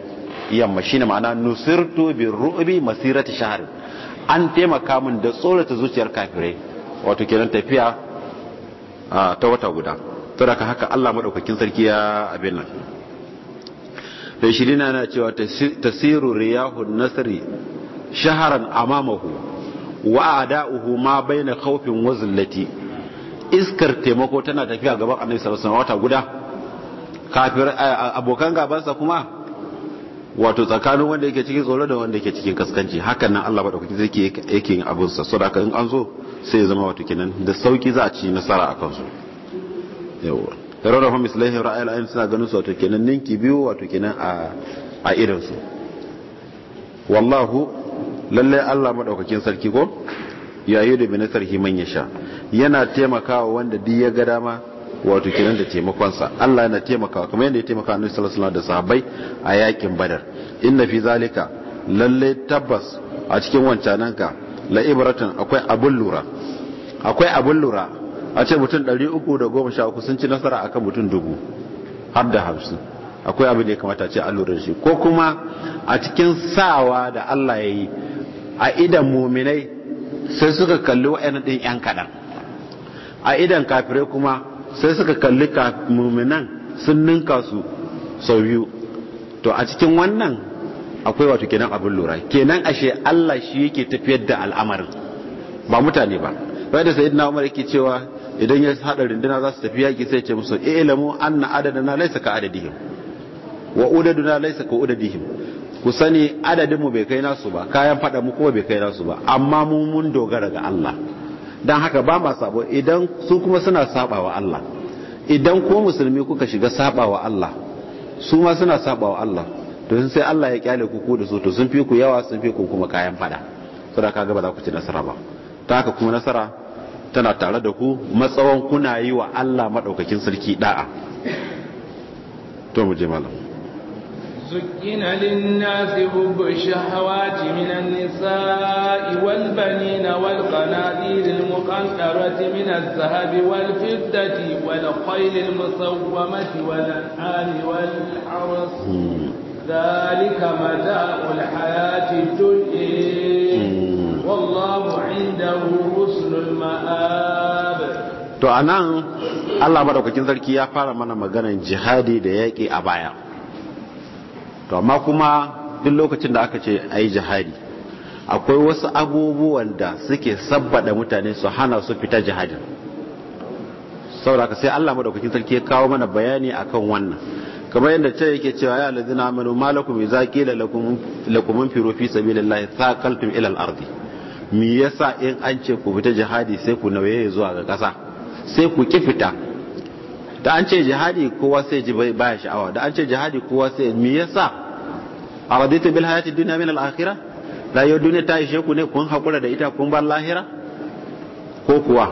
B: yamma shine ma'ana nusirtu bi ru'bi masirati shahr an taimaka min da tsorata zuciyar kafirai wato kenan tafiya ah, ta wata guda saboda haka Allah madaukakin sarki ya abin nan da shi dina na cewa tasiru riyahun nasri shaharan amamahu wa ada'uhu ma baina khawfin wa zillati iskar taimako tana tafiya gaban annabi sallallahu alaihi wasallam guda kafir abokan gabansa kuma wato tsakanin wanda yake cikin tsoro da wanda yake cikin kaskanci hakan nan Allah madaukakin sarki yake yin sa saboda haka in an zo sai ya zama wato kenan da sauki za a ci nasara a kansu yawa tarara fa mislahi ra'ayil ayn suna ganin su wato kenan ninki biyu wato kenan a a irin su wallahu lalle Allah madaukakin sarki ko yayi da bin sarki man ya sha yana taimakawa wanda duk ya ga dama wato kenan da taimakonsa Allah yana taimakawa kamar yadda ya taimaka Annabi sallallahu alaihi wasallam da sahabbai a yakin Badar inna fi zalika lalle tabbas a cikin wancananka la ibratan akwai abun lura akwai abun lura a ce mutum 313 sun ci nasara a kan mutum dubu har da hamsin akwai abin da ya kamata ce an lura shi ko kuma a cikin sawa da Allah ya yi a idan mominai sai suka kalli wa'yan ɗin 'yan kaɗan a idan kafirai kuma sai suka kalli muminan sun ninka su sau biyu to a cikin wannan akwai wato kenan abin lura kenan ashe Allah shi yake tafiyar da al'amarin ba mutane ba bai da sayyidina Umar yake cewa idan ya hada rinduna za su tafi yaki sai ce musu ilamu anna adadana laysa ka adadihim wa udaduna laysa ka udadihim ku sani adadinmu bai kai nasu ba kayan fada mu kuma bai kai nasu ba amma mu mun dogara ga Allah dan haka ba ma sabo idan su kuma suna sabawa Allah idan ko musulmi kuka shiga sabawa Allah su ma suna sabawa Allah to sai Allah ya kyale ku ku da su to sun fi ku yawa sun fi ku kuma kayan fada saboda kaga ba za ku ci nasara ba ta haka kuma nasara tana tare da ku matsawon kuna yi wa Allah madaukakin sarki da'a to mu je malam
A: زين للناس حب الشهوات من النساء والبنين والقناديل المقنطرة من الذهب والفضة والخيل المصومة والأنعام والحرث ذلك متاع الحياة الدنيا to a nan to anan Allah madaukakin
B: sarki ya fara mana maganan jihadi da yaƙi a baya to amma kuma duk lokacin da aka ce ayi jihadi akwai wasu abubuwan da suke sabbada mutane su hana su fita jihadin saboda ka sai Allah madaukakin sarki ya kawo mana bayani akan wannan kamar yadda ce yake cewa ya alladhina amanu malakum idza qila lakum lakum firu fi sabilillahi thaqaltum ila al me yasa in an ce ku fita jihadi sai ku nauye zuwa ga ƙasa sai ku ki fita da an ce jihadi kowa sai ji baya sha'awa da an ce jihadi kowa sai me yasa araditu bil hayati duniya min al akhirah rayuwar duniya ta ishe ku ne kun hakura da ita kun bar lahira ko kuwa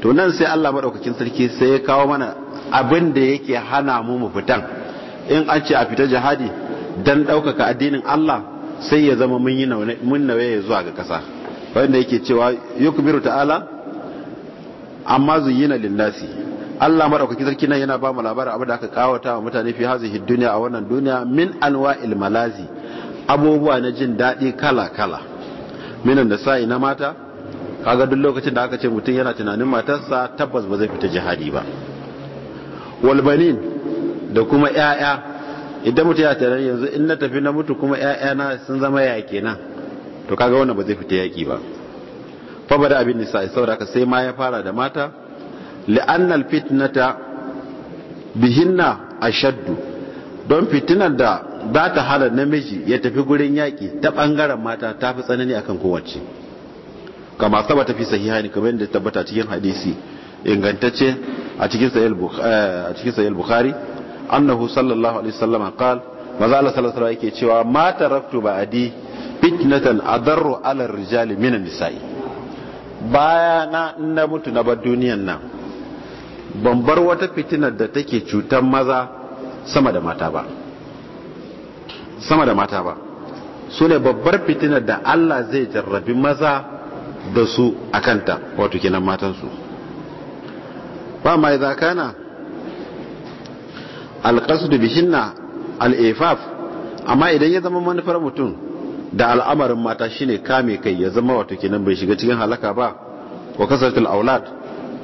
B: to nan sai Allah madaukakin sarki sai ya kawo mana abin da yake hana mu mu fitan in an ce a fita jihadi dan ɗaukaka addinin Allah sai ya zama mun yi mun nawaye zuwa ga ƙasa wanda yake cewa yukbiru ta'ala amma zuyyina lin-nasi Allah madaukaki sarki nan yana ba mu labarin abin da aka kawata wa mutane fi hazihi dunya a wannan duniya min anwa'il malazi abubuwa na jin dadi kala kala minan da sa'i na mata kaga duk lokacin da aka ce mutum yana tunanin matarsa tabbas ba zai fita jihadi ba walbanin da kuma 'ya'ya idan mutum ya tare yanzu in na tafi na mutu kuma na sun zama ya kenan to kaga wannan ba zai fita yaki ba fa bada abin nisa saboda ka sai ma ya fara da mata li'annal fitnata bihinna ashaddu don fitinar da za ta halar namiji ya tafi gurin yaƙi ta ɓangaren mata ta fi tsanani akan kowace kama saba ta fi sahiha ne kamar yadda tabbata cikin hadisi ingantacce a cikin sahih eh, bukhari annahu sallallahu alaihi wasallam qal maza Allah sallallahu alaihi wasallam yake cewa ma ba adi fitnatan adarru ala rijali minan nisa'i baya na na mutu na bar duniyan nan ban bar wata fitinar da take cutan maza sama da mata ba sama da mata ba su ne babbar fitinar da Allah zai jarrabi maza da su a kanta wato kenan matansu ba mai zakana alƙasu da bihinna al'efaf amma idan ya zama manufar mutum da al'amarin mata shine kame kai ya zama wato kenan bai shiga cikin halaka ba wa kasratul aulad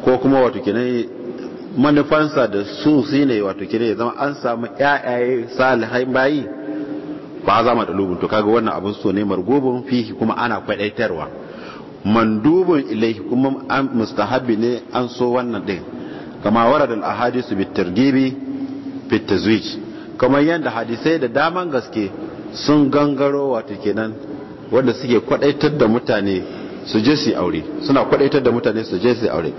B: ko kuma wato kenan manufansa da su shine wato kenan ya zama an samu ƴaƴaye salihai bayi ba za mu dalubun to kaga wannan abun so ne margubun fihi kuma ana kwadaitarwa mandubun ilaihi kuma an mustahabi ne an so wannan din kama waradul ahadisu bitargibi bitazwij kamar yadda hadisai da daman gaske sun gangaro wata kenan wanda suke kwadaitar da mutane su je su aure suna kwadaitar da mutane su je su aure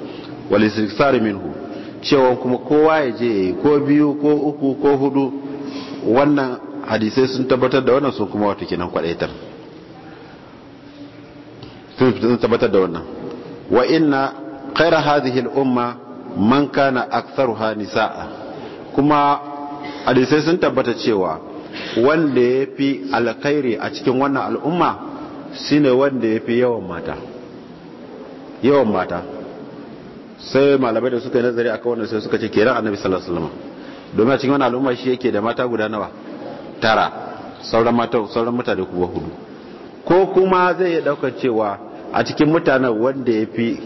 B: wal istiksar minhu cewa kuma kowa ya je ko biyu ko uku ko hudu wannan hadisai sun tabbatar da wannan sun kuma wata kenan kwadaitar sun tabbatar da wannan wa inna khaira hadhihi al umma man kana aktharuha nisaa kuma hadisai sun tabbata cewa wanda ya fi alkhairi a cikin wannan al'umma shine wanda ya fi yawan mata yawan mata sai malamai da suka yi nazari a wannan sai suka ce kenan annabi sallallahu alaihi wasallam domin a cikin wannan al'umma shi yake da mata guda nawa tara sauran mata sauran mutane kuma hudu ko kuma zai iya daukar cewa a cikin mutanen wanda ya fi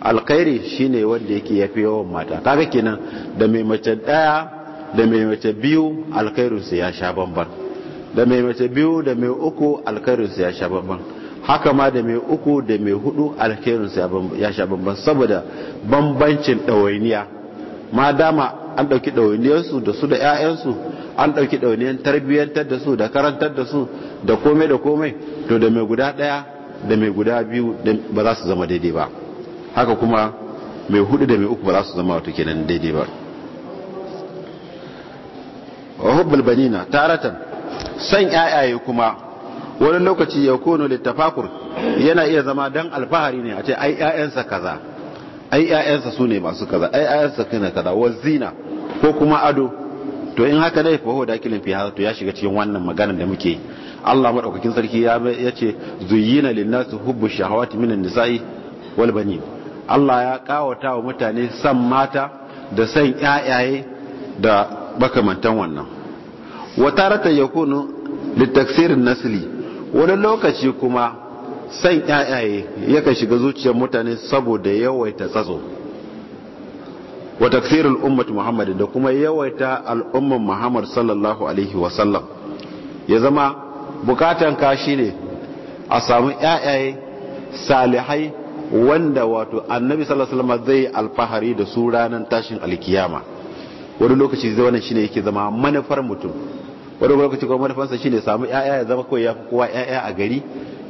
B: alkhairi shine wanda yake ya fi yawan mata kaga kenan da mai mace daya da mai mace biyu alkhairinsu ya sha bamban da mai mace biyu da mai uku alkhairinsu ya sha bamban haka ma da mai uku da mai hudu alkhairinsu ya sha bamban saboda bambancin ɗawainiya ma dama an ɗauki ɗawainiyarsu da su da 'ya'yansu an ɗauki ɗawainiyar tarbiyyantar da su da karantar da su da komai da komai to da mai guda ɗaya da mai guda biyu ba za su zama daidai ba haka kuma mai hudu da mai uku ba za su zama wato kenan daidai ba wa hubbul banina taratan san yayaye kuma wani lokaci ya kono littafakur yana iya zama dan alfahari ne a ce ai yayansa kaza ai yayansa su ne masu kaza ai yayansa kana kaza wa ko kuma ado to in haka dai fahu da kilin fi haza to ya shiga cikin wannan magana da muke Allah madaukakin sarki ya ce zuyyina linnasu hubbu shahawati minan nisa'i wal banin Allah ya kawata wa mutane san mata da san yayaye da makamantan wannan watarata ya kunu da taksirin nasili wani lokaci kuma san ya ka shiga zuciyar mutane saboda yawaita tsatso wa taksirin ummat muhammad da kuma yawaita al'umman muhammad sallallahu alaihi wasallam ya zama bukatan ka shine a samu yayaye salihai wanda wato annabi sallallahu alaihi wasallam zai alfahari da su ranar tashin alkiyama wani lokaci zai wannan shine yake zama manufar mutum wani lokaci kuma manufarsa shine samu yaya ya zama kawai fi kowa yaya a gari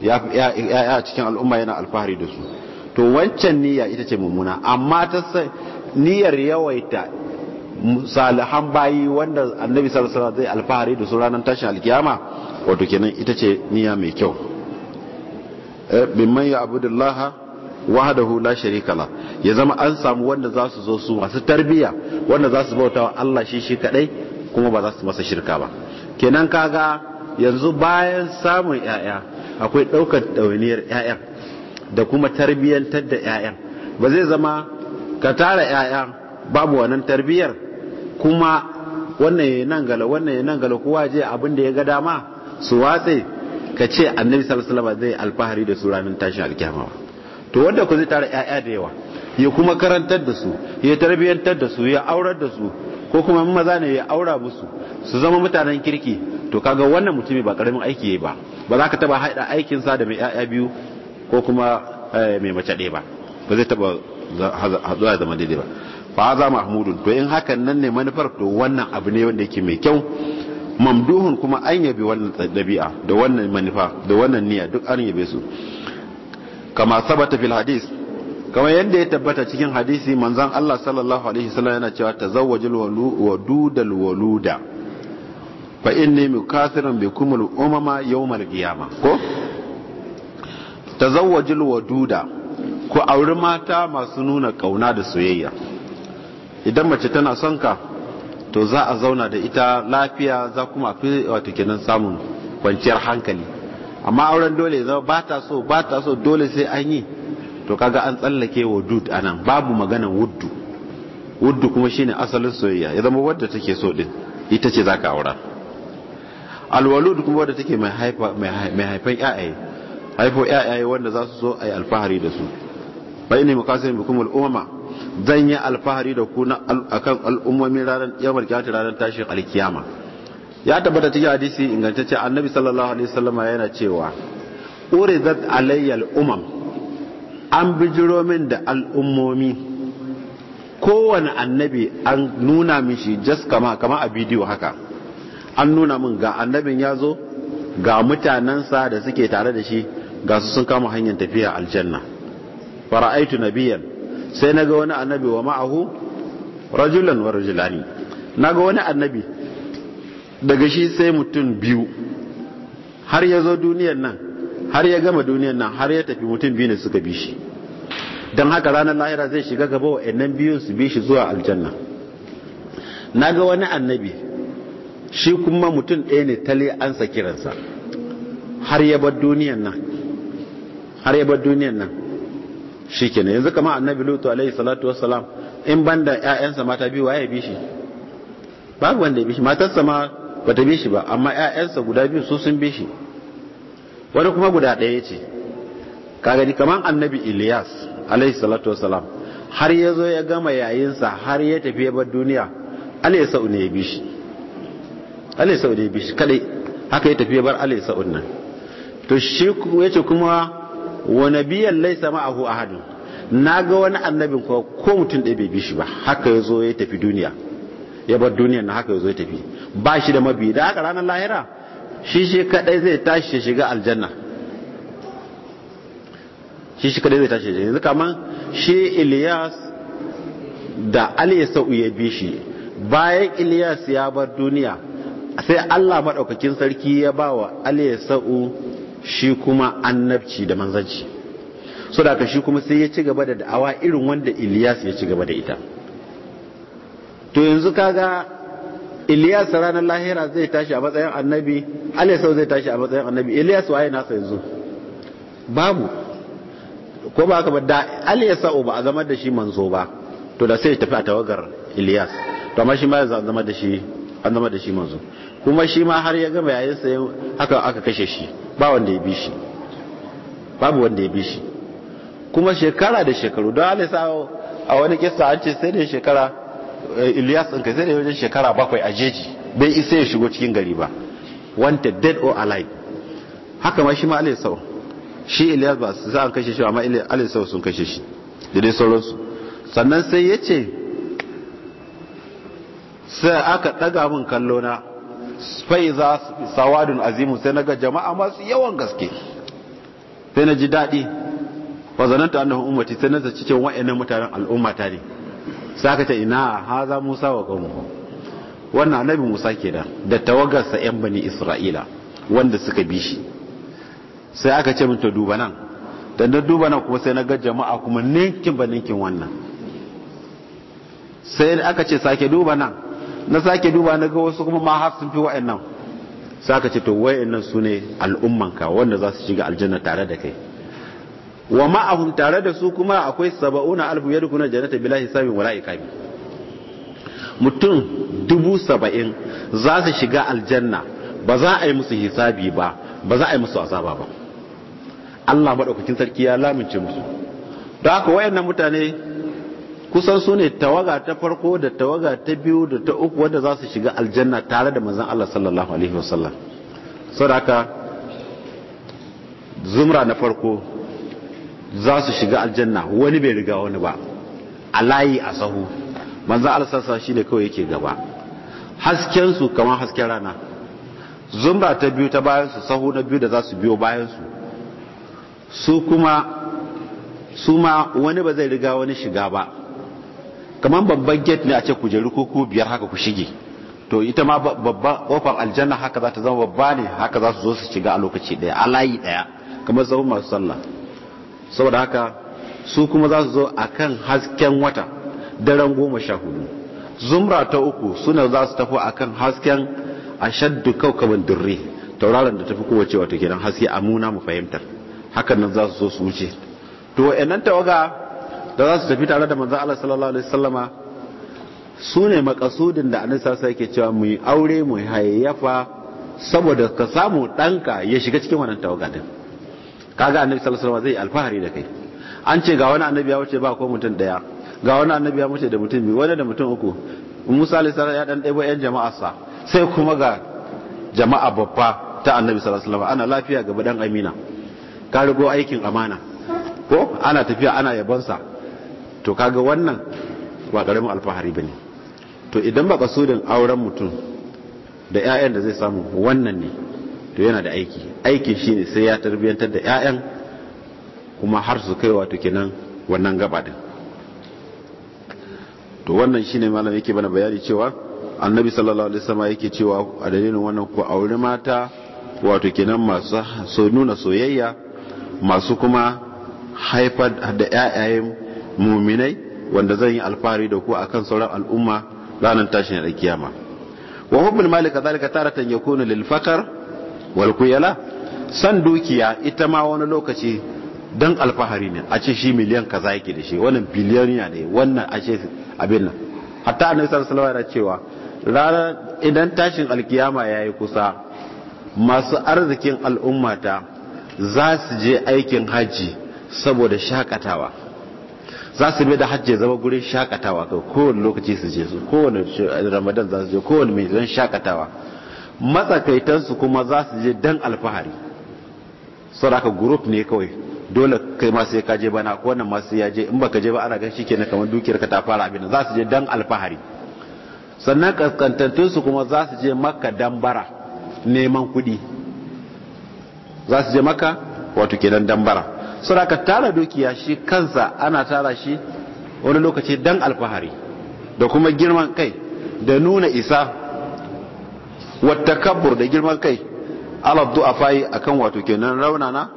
B: ya fi yaya a cikin al'umma yana alfahari da su to wancan niyya ita ce mummuna amma ta niyyar yawaita salihan bayi wanda annabi sallallahu alaihi zai alfahari da su ranar tashin alkiyama wato kenan ita ce niyya mai kyau eh, ya wahadahu la sharika la ya zama an samu wanda za su zo su masu tarbiya wanda za su wa Allah shi shi kadai kuma ba za su masa shirka ba kenan kaga yanzu bayan samun yaya akwai daukar dauniyar yayan da kuma tarbiyantar da yayan ba zai zama ka tara yaya babu wannan tarbiyyar. kuma wannan ya nan gala wannan ya nan gala kowa je abin da ya ga dama su watse ka ce annabi sallallahu alaihi wasallam zai alfahari da su ranar tashin alkiyama to wanda ku zai tara ƴaƴa da yawa ya kuma karantar da su ya tarbiyantar da su ya aurar da su ko kuma maza ne ya aura musu su zama mutanen kirki to kaga wannan mutumi ba karamin aiki yayi ba ba za ka taba haɗa aikin sa da mai ƴaƴa biyu ko kuma eh, mai mace ɗaya ba ba zai taba haɗuwa zama daidai ba fa za mahmudun to in hakan nan ne manufar to wannan abu ne wanda yake mai kyau mamduhun kuma an yabi wannan dabi'a da wannan manufa da wannan niyya duk an yabe su kama sabata fil hadis kama yadda ya tabbata cikin hadisi manzan Allah sallallahu alaihi wasallam yana cewa tazawwajul waludal waluda fa inni mukathirun bi kumul umama yawmal qiyamah ko tazawwajul waduda ko auri mata masu nuna kauna da soyayya idan mace tana son ka to za a zauna da ita lafiya za kuma fi wato kenan samun kwanciyar hankali amma auren dole zama ba ta so ba ta so dole sai an yi to kaga an tsallake wa dud anan babu maganan wuddu wuddu kuma shine asalin soyayya ya zama wadda take so din ita ce zaka aura alwalud kuma wadda take mai mai haifan ƴaƴaye haifo ƴaƴaye wanda za su so ayi alfahari da su fa inni bikum al-umama zan yi alfahari da ku na akan al'ummomin ranar ranar tashin alkiyama ya tabbata cikin hadisi ingantacce annabi sallallahu alaihi wasallama yana cewa uridat alayyal umam an bijiro min da al'ummomi kowane annabi an nuna mishi just kama kama a bidiyo haka an nuna min ga annabin ya zo ga sa da suke tare da shi ga su sun kama hanyar tafiya aljanna fara'aitu nabiyan sai naga wani annabi wa ma'ahu rajulan wa rajulani naga wani annabi daga shi sai mutum biyu har ya zo duniyan nan har ya gama duniyan nan har ya tafi mutum biyu ne suka bi shi don haka ranar lahira zai shiga gaba wa ɗan biyun su bi shi zuwa aljanna na ga wani annabi shi kuma mutum ɗaya ne tale an sa kiransa har ya bar duniyan nan har ya bar duniyan nan shi kenan yanzu kama annabi lutu alaihi salatu wasalam in banda ƴaƴansa mata biyu waye bi shi babu wanda ya bi shi matarsa ma ba ta bi shi ba amma ƴaƴansa guda biyu su sun bi shi wani kuma guda ɗaya ce kaga kamar annabi Ilyas alaihi salatu wasalam har ya zo ya gama yayinsa har ya tafi ya bar duniya alai sa'u ne ya bi shi alai sa'u ne ya bi shi kadai haka ya tafi ya bar alai sa'u nan to shi yace kuma wa nabiyyan laysa ma'ahu ahadun na ga wani annabin ko ko mutum ɗaya bai bi shi ba haka ya zo ya tafi duniya ya bar duniyar na haka ya zo ya tafi ba shi da mabi da haka ranar lahira shi shi kadai zai tashi ya shiga aljanna shi shi kadai zai tashi ya yanzu kaman shi Ilyas da Ali Sa'u ya bi shi bayan Ilyas ya bar duniya sai Allah maɗaukakin sarki ya ba wa Ali Sa'u shi kuma annabci da manzanci so da shi kuma sai ya ci gaba da da'awa irin wanda Iliyas ya ci gaba da ita to yanzu kaga Ilyas ranar lahira zai tashi a matsayin annabi Alisa zai tashi a matsayin annabi Ilyas waye nasa yanzu babu ko ba ka ba da Alisa ba a zama da shi manzo ba to da sai ya tafi a tawagar Ilyas to amma shi ma yanzu an zama da shi an zama da shi manzo kuma shi ma har ya gama yayin sa haka aka kashe shi ba wanda ya bi shi babu wanda ya bi shi kuma shekara da shekaru don Alisa a wani kissa an ce sai da shekara Eh, Ilyas ɗin kai sai da wajen shekara bakwai a jeji bai isa ya shigo cikin gari ba wanted dead or alive haka ma shi ma alayhi sau shi Ilyas ba su za'an kashe shi amma alayhi sau sun kashe shi da dai sauransu sannan sai ya ce sai aka ɗaga min kallo na fai za sawadun azimu sai na ga jama'a masu yawan gaske sai na ji daɗi wa ta annahum ummati sai na zaci cewa wa'annan mutanen al'ummata ne saka ta ina haza musa wa qaumuhu wannan annabi musa ke da tawagarsa yan bani isra'ila wanda suka bi shi sai aka ce min ta duba nan da na duba nan kuma sai na ga jama'a kuma ninkin ba ninkin wannan sai aka ce sake duba nan na sake duba na ga wasu kuma ma har sun fi wa'annan sai aka ce to wa'annan su ne al'ummanka wanda za su shiga aljanna tare da kai wa ma'ahum tare da su kuma akwai saba'una alfu ya dukuna jannata bila hisabi wala iqabi mutum dubu saba'in za su shiga aljanna ba za a yi musu hisabi ba ba za a yi musu azaba ba Allah maɗaukakin sarki ya lamince musu da haka wayannan mutane kusan su ne tawaga ta farko da tawaga ta biyu da ta uku wanda za su shiga aljanna tare da manzon Allah sallallahu alaihi wasallam saboda haka zumra na farko za su shiga aljanna wani bai riga wani ba a layi a sahu manzan Allah shi ne kawai yake gaba hasken su kamar hasken rana zumra ta biyu ta bayan su sahu na biyu da za su biyo bayan su su kuma su ma wani ba zai riga wani shiga ba kamar babban gate ne a ce ku jeri ko ku biyar haka ku shige to ita ma babban kofar aljanna haka za ta zama babba ne haka za su zo su shiga a lokaci daya a layi daya kamar sahun masu sallah saboda haka su kuma za su zo a kan hasken wata daren goma sha hudu zumra ta uku suna za su tafi a kan hasken shaddu kaukaban durri tauraron da tafi kowace wata gidan haske a amuna mu fahimtar hakan nan za su zo su wuce to wa'annan tawaga da za su tafi tare da manzo Allah sallallahu alaihi wasallama su ne makasudin da annabi sallallahu alaihi cewa mu yi aure mu hayayyafa saboda ka samu ɗanka ya shiga cikin wannan tawaga din kaga annabi sallallahu alaihi wasallam zai alfahari da kai an ce ga wani annabi ya wuce ba ko mutum daya ga wani annabi ya wuce da mutum biyu wani da mutum uku Musa alaihi salam ya dan ɗebo yan jama'arsa sai kuma ga jama'a babba ta annabi sallallahu alaihi wasallam ana lafiya gaba dan amina ka rigo aikin amana ko ana tafiya ana yabonsa to kaga wannan ba karamin alfahari bane to idan ba kasudin auren mutum da 'ya'yan da zai samu wannan ne to yana da aiki aikin shi ne sai ya tarbiyantar da 'ya'yan kuma har su kai wato kenan wannan gabaɗin to wannan shine malam yake bana bayani cewa annabi sallallahu alaihi wasallam yake cewa a dalilin wannan ku aure mata wato kenan masu nuna soyayya masu kuma haifar da ƴaƴayen muminai wanda zan yi alfahari da ku akan sauran al'umma ranar tashin da kiyama wa hubbul mali kadhalika taratan yakunu lil fakar walkuyala san dukiya ita ma wani lokaci don alfahari ne a ce shi miliyan kaza yake da shi wannan biliyoniya ne wannan a ce abin nan hatta annabi sallallahu alaihi cewa ranar idan tashin alkiyama yayi kusa masu arzikin al'ummata za su je aikin hajji saboda shakatawa za su bi da hajji zama gurin shakatawa kowane lokaci su je su kowane ramadan za su je kowane mai zan shakatawa matsakaitansu kuma za su je dan alfahari sadaka group ne kawai dole kai ma sai ka je bana ko wannan ma sai ya je in baka je ba ana gan na kamar dukiyar ka ta fara abin za su je dan alfahari sannan kaskantattun su kuma za su je maka dan bara neman kuɗi za su je maka wato kenan dan bara sadaka tara dukiya shi kansa ana tara shi wani lokaci dan alfahari da kuma girman kai da nuna isa wattakabbur da girman kai alal du'afai akan wato kenan raunana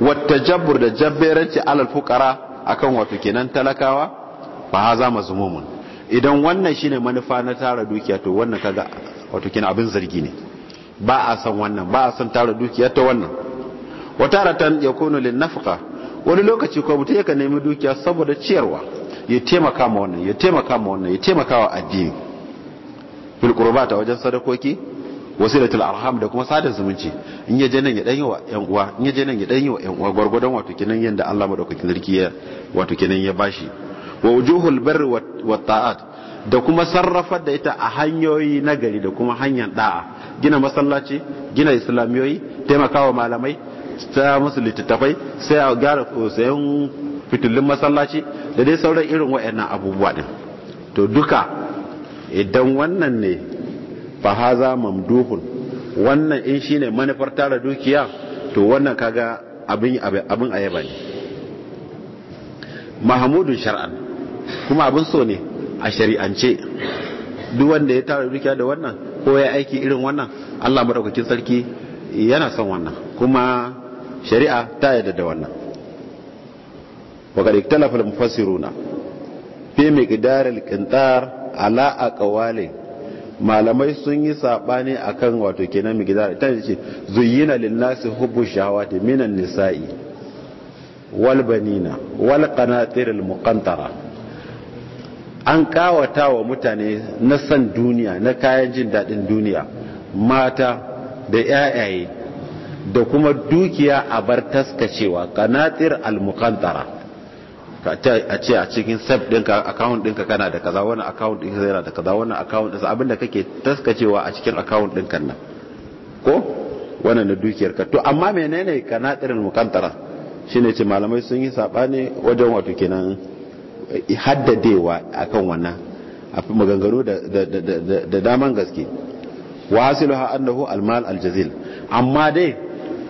B: wattajabbur da jabberanci alal fuqara akan wato kenan talakawa fa haza mazmumun idan wannan shine manufa na tara dukiya to wannan kaga wato kenan abin zargi ne ba a san wannan ba a san tara dukiya ta wannan wa taratan yakunu lin nafqa wani lokaci ko mutum ka nemi dukiya saboda ciyarwa ya taimaka ma wannan ya taimaka ma wannan ya taimaka wa addini fil ta wajen sadakoki wasilatul arham da kuma sadar zumunci in je nan ya dan yi wa yan uwa in je nan ya dan yi wa yan uwa gwargwadon wato kinan yanda Allah madaukakin sarki ya wato kinan ya bashi wa wujuhul barri wa ta'at da kuma sarrafa da ita a hanyoyi na gari da kuma hanyar da'a gina masallaci gina islamiyoyi taimakawa malamai ta musu littattafai sai a gara sayan fitillin masallaci da dai sauran irin waɗannan abubuwa din to duka idan wannan ne fa haza mamduhun wannan in shine manufar tara dukiya to wannan kaga abin abin ayaba ne mahmudun shar'an kuma abin so ne a shari'ance duk wanda ya tara dukiya da wannan ko ya aiki irin wannan Allah madaukakin sarki yana son wannan kuma shari'a ta yarda da wannan wa qad ikhtalafa al-mufassiruna fi miqdar al-qintar ala kawale malamai sun yi sabani akan wato kenan migidar ta ce zuyina lin-nasi hubbu minan nisa'i wal banina wal qanatir al-muqantara an kawata wa mutane na san duniya na kayan jin dadin duniya mata da yayaye da kuma dukiya a bar taskacewa qanatir al-muqantara a ce a cikin sef ɗinka account ɗinka kana da kaza wani account ɗinka zai da kaza wani account ɗinsa abinda kake taskacewa a cikin account ɗinka nan ko wani na dukiyar ka to amma menene ka nadirin mukantara ne ce malamai sun yi sabani wajen wato kenan eh, haddadewa akan wannan maganganu da daman gaske wa annahu almal aljazil amma dai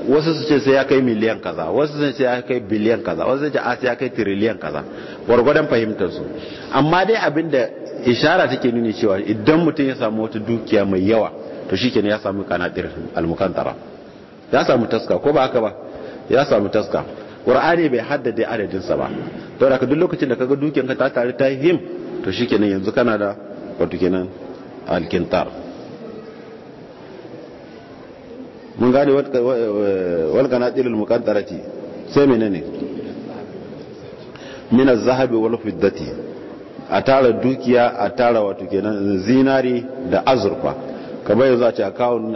B: wasu su ce sai ya kai miliyan kaza wasu su ce ya kai biliyan kaza wasu su ce a sai ya kai tiriliyan kaza gwargwadon fahimtar su amma dai abin da ishara take nuni cewa idan mutum ya samu wata dukiya mai yawa to shikenan ya samu kanadir almukantara ya samu taska ko ba haka ba ya samu taska qur'ani bai haddade adadin sa ba to da duk lokacin da kaga dukiyanka ta tare ta him to shikenan yanzu kana da wato kenan alkintar mun gane walka na ɗilil mukantarati sai mai ne minas zahabi wani fiddati a tara dukiya a tara wato kenan zinari da azurfa kamar yanzu a ce akawun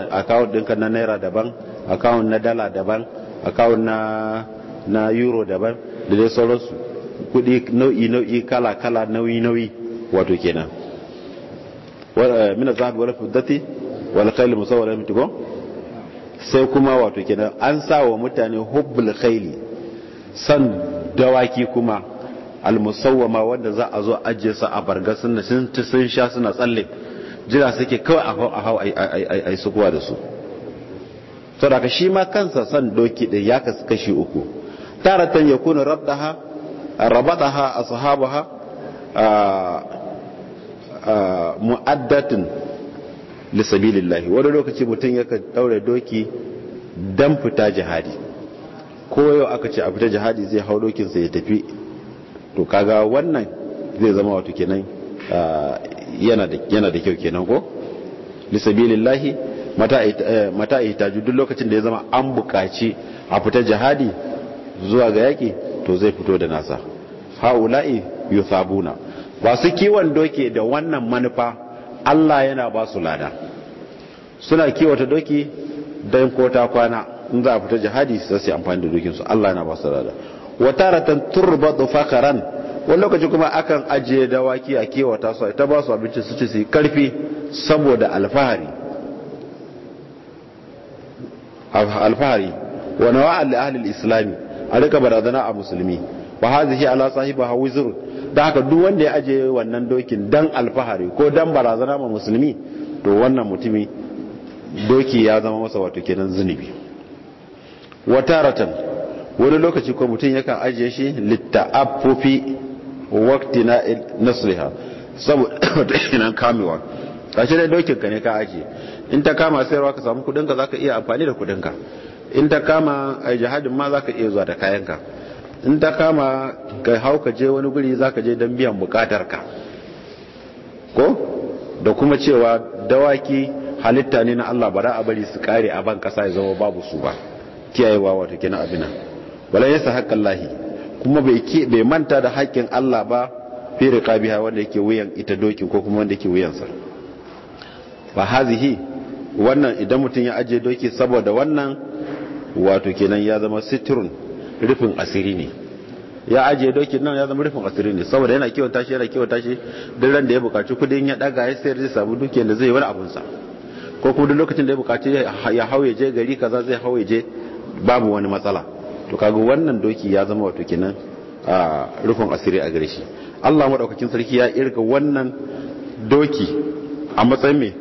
B: ɗinka na naira daban akawun na dala daban akawun na na euro daban da dai sauransu kudi nau'i nau'i kala kala nauyi nauyi wato kenan eh, mina zahabi wani fiddati wani khayl musamman eh, mitigo sai kuma wato kenan an sa wa mutane hubbul khaili san dawaki kuma almusawwama wanda za a zo ajiye su a barga sun ci sun sha suna tsalle jira suke kawai a hau a hau ai sukuwa da su saboda shi ma kansa san doki din ya kasu kashi uku taratan yakunu rabdaha rabataha ashabaha mu'addatin lisabilillahi wani lokaci mutum yakan ɗaura doki dan fita jihadi ko yau aka ce a fita jihadi zai hau dokinsa ya tafi to kaga wannan zai zama wato kenan ah, yana da kyau kenan ko lissabilillahi mata eh, taju duk lokacin da ya zama an buƙaci a fita jihadi zuwa ga yaki to zai fito da nasa haula'i sabuna ba su kiwon doki da wannan manufa Allah yana ba su lada suna kiwata doki don ko ta kwana in za a fita jihadi su sai amfani da dokinsu Allah yana ba su lada wa taratan tsofa karan wani lokaci kuma akan ajiye dawaki a kiwata su ta ba su abinci su ci su karfi saboda alfahari alfahari wa nawa da ahalil islami a rika barazana a musulmi hazi shi ala da haka duk wanda ya aje wannan dokin dan alfahari ko dan barazana ma musulmi to wannan mutumi doki ya zama masa wato kenan zunubi wataratan wani lokaci ko mutum yakan ajiye shi litta'affufi waqti na nasriha saboda kenan kamewa kashi dai dokin ka ne ka ajiye in ta kama sayarwa ka samu kudin ka zaka iya amfani da kudin ka in ta kama jihadin ma zaka iya zuwa da kayan ka in ta kama ka hau ka je wani guri za ka je don biyan bukatarka ko da kuma cewa dawaki halitta ne na Allah ba za a bari su kare a ban kasa ya zama babu su ba kiyayewa wato kina abina wala sa haƙƙin lahi kuma bai manta da haƙƙin Allah ba fi riqabiha wanda yake wuyan ita doki ko kuma wanda yake wuyansa fa hazihi wannan idan mutum ya ajiye doki saboda wannan wato kenan ya zama sitrun rufin asiri ne ya ajiye dokin nan ya zama rufin asiri ne saboda yana kiwon tashi yana kiwon tashi duk ran da ya bukaci kudin ya daga ya sayar zai samu dukiyar da zai wani abun sa ko kuma duk lokacin da ya bukaci ya hauye je gari kaza zai hauye je babu wani matsala to kaga wannan doki ya zama wato kenan a rufin asiri a gare shi Allah madaukakin sarki ya irga wannan doki a matsayin me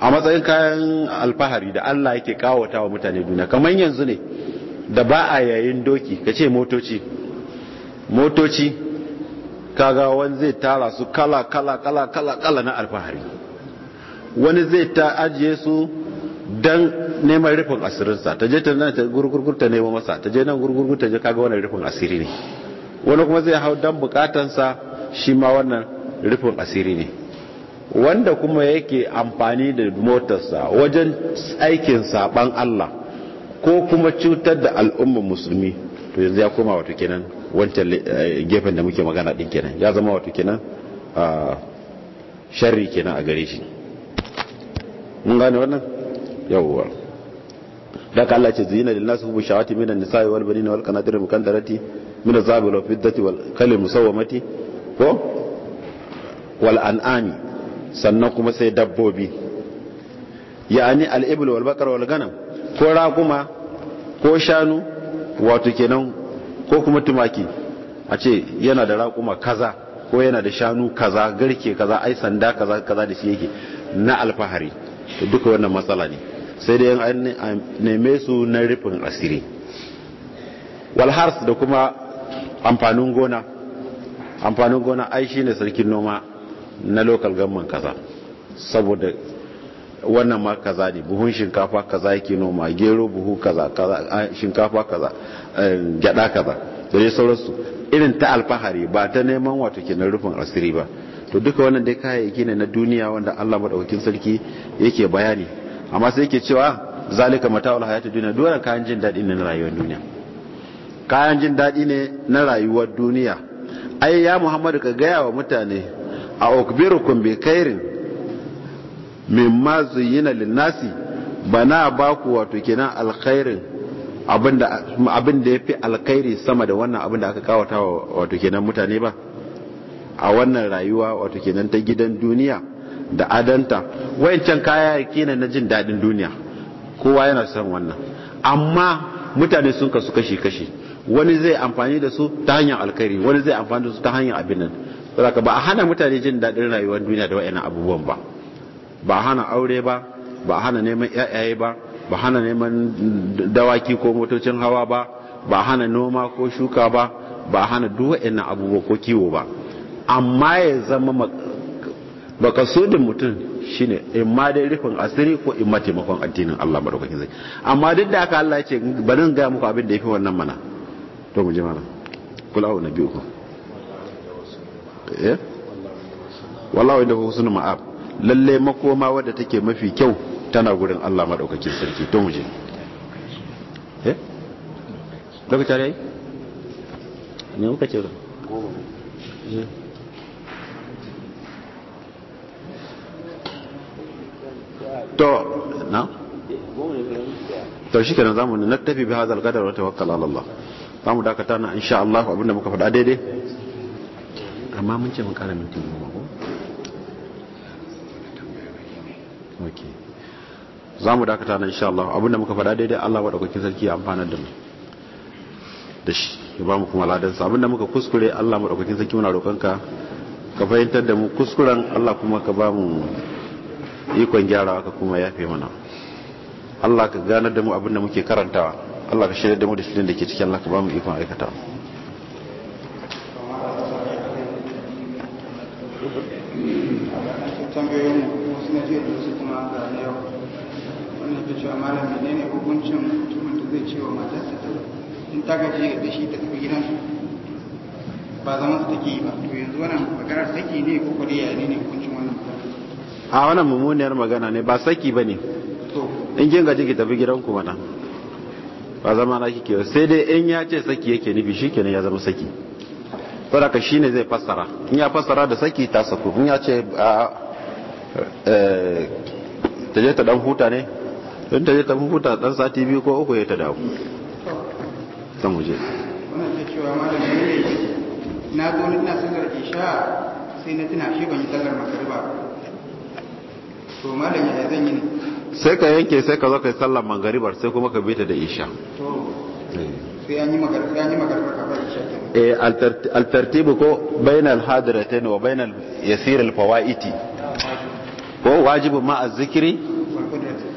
B: a matsayin kayan alfahari da Allah yake ta wa mutane duniya kamar yanzu ne da ba a yayin doki ka ce motoci motoci kaga wani zai tara su kala kala kala kala kala na alfahari wani zai ta ajiye su don neman rufin asirinsa ta je ta nan ta gurgurgur ta nemo masa ta je nan gurgurgur ta je kaga wannan rufin asiri ne wani kuma zai hau don bukatansa shi ma wannan rufin asiri ne wanda kuma yake amfani da motarsa wajen aikin saban Allah ko kuma cutar da al'umman musulmi to yanzu ya koma wato kenan wancan eh, gefen da muke magana din kenan ya zama wato kenan a ah, sharri kenan a gare shi mun gane wannan yawwa da ka Allah ce zina lil nasu hubu shawati min an nisa'i wal banin wal qanatir mukandarati min az-zahabi wal fiddati wal kalim musawamati ko wal an'ami sannan kuma sai dabbobi ya'ani al ibl wal bakar wal ganam ko raƙuma ko shanu wato kenan ko kuma tumaki a ce yana da raƙuma kaza ko yana da shanu kaza garke kaza ai sanda kaza kaza da shi yake na alfahari to duka wannan matsala ne sai dai an neme su na rufin asiri walhars da kuma amfanin gona amfanin gona ai shine sarkin noma na local government kaza saboda wannan ma kaza ne buhun shinkafa kaza yake noma gero buhu kaza kaza shinkafa kaza eh, gyada kaza da dai sauransu irin ta alfahari ba ta neman wato na rufin asiri ba to duka wannan dai kayayyaki ne na duniya wanda Allah madaukakin sarki yake bayani amma sai yake cewa zalika mata'ul hayatid dunya dole kayan jin dadi ne na rayuwar duniya kayan jin dadi ne na rayuwar duniya ai ya Muhammadu ka gaya wa mutane a ukbirukum bi khairin mimma zuyina linnasi bana ba ku wato kenan alkhairin abin da ya fi alkhairi sama da wannan abin da aka kawata wato kenan mutane ba a wannan rayuwa wato kenan ta gidan duniya da adanta wayancan kaya kenan na jin daɗin duniya kowa yana son wannan amma mutane sun kasu kashi-kashi wani zai amfani da su ta hanyar alkhairi wani zai amfani da su ta hanyar abin nan ba a hana mutane jin daɗin rayuwar duniya da wayannan abubuwan ba ba hana aure ba ba hana neman yayaye ba ba hana neman dawaki ko motocin hawa ba ba hana noma ko shuka ba ba hana duk wa'annan abubuwa ko kiwo ba amma ya zama baka so da mutum shine in ma dai rufin asiri ko in ma taimakon addinin Allah madaukakin zai amma duk da haka Allah ya ce bari in gaya muku abin da yafi wannan mana to mu ji mana kul a'udhu nabiyukum eh wallahi da husnul ma'ab lalle makoma wadda take mafi kyau tana gurin Allah madaukakin sarki don mu je eh lokaci yayi ne muka ce
C: to na
B: to shi kenan zamu na tafi bi hadal qadar wa tawakkal ala Allah zamu dakata na insha Allah abinda muka faɗa daidai amma mun ce mun kara minti goma okay za mu dakata na insha Allah abinda muka faɗa daidai Allah maɗaukakin sarki ya amfana da mu da shi ya ba mu kuma ladansa abinda muka kuskure Allah maɗaukakin sarki muna roƙon ka fahimtar da mu kuskuren Allah kuma ka ba mu ikon gyarawa ka kuma yafe mana Allah ka ganar da mu abinda muke karantawa Allah ka shirya da mu da shirin da ke cikin Allah ka ba mu ikon aikata
C: tambayoyin wasu na jiya da wannan ta cewa malam menene hukuncin mutumin da zai cewa matarsa ta in ta gaji da shi ta tafi gidan ba zama su take yi ba to yanzu wannan magana saki ne ko kwari ya ne hukuncin wannan
B: a wannan mummuniyar magana ne ba saki ba ne in kin gaji ki tafi gidan ku mana ba zama na kike sai dai in ya ce saki yake nufi shi kenan ya zama saki saboda shi ne zai fassara in ya fassara da saki ta saku in ya ce eh, ta je ta dan huta ne don ta ta huta dan sati biyu ko uku ya ta dawo ta muje
C: wannan ta cewa malam ne na zo ina sallar sha sai na tuna shi ban yi sallar magariba to
B: sai ka yanke sai ka zo kai sallar magaribar sai kuma ka bi ta da isha ko كو بين الحاضرتين وبين يسير الفوائت هو واجب مع الذكر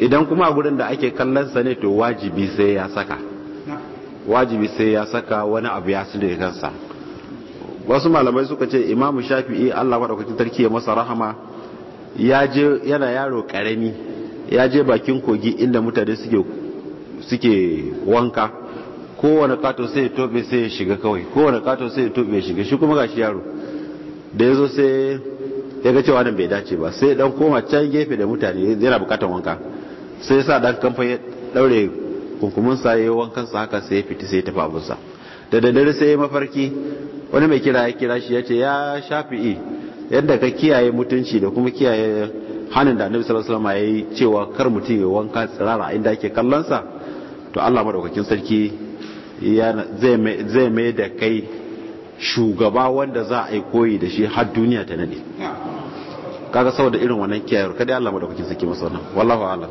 B: idan kuma a gurin da ake kallonsa ne to wajibi sai ya saka wajibi sai ya saka wani abu ya sule kansa wasu malamai suka ce imamu shafi'i Allah madaukakin tarki ya masa rahama ya je yana yaro karami ya je bakin kogi inda mutane suke suke wanka kowane kato sai ya tobe sai ya shiga kawai kowane kato sai ya tobe ya shiga shi kuma gashi yaro da ya zo sai ya ga cewa nan bai dace ba sai dan koma can gefe da mutane yana bukatan wanka sai sa dan kamfa ya daure hukumun sa yayin wankan sa haka sai ya fita sai ya tafi abinsa da daddare sai ya mafarki wani mai kira ya kira shi ya ce ya shafi'i yadda ka kiyaye mutunci da kuma kiyaye hannun da annabi sallallahu alaihi wasallam yi cewa kar mutum ya wanka tsirara inda ake kallon sa to Allah madaukakin sarki zai mai da kai shugaba wanda za a yi koyi da shi har duniya ta nade kaga saboda irin wannan kiyayewar kada Allah madaukakin sarki masa wannan wallahu a'lam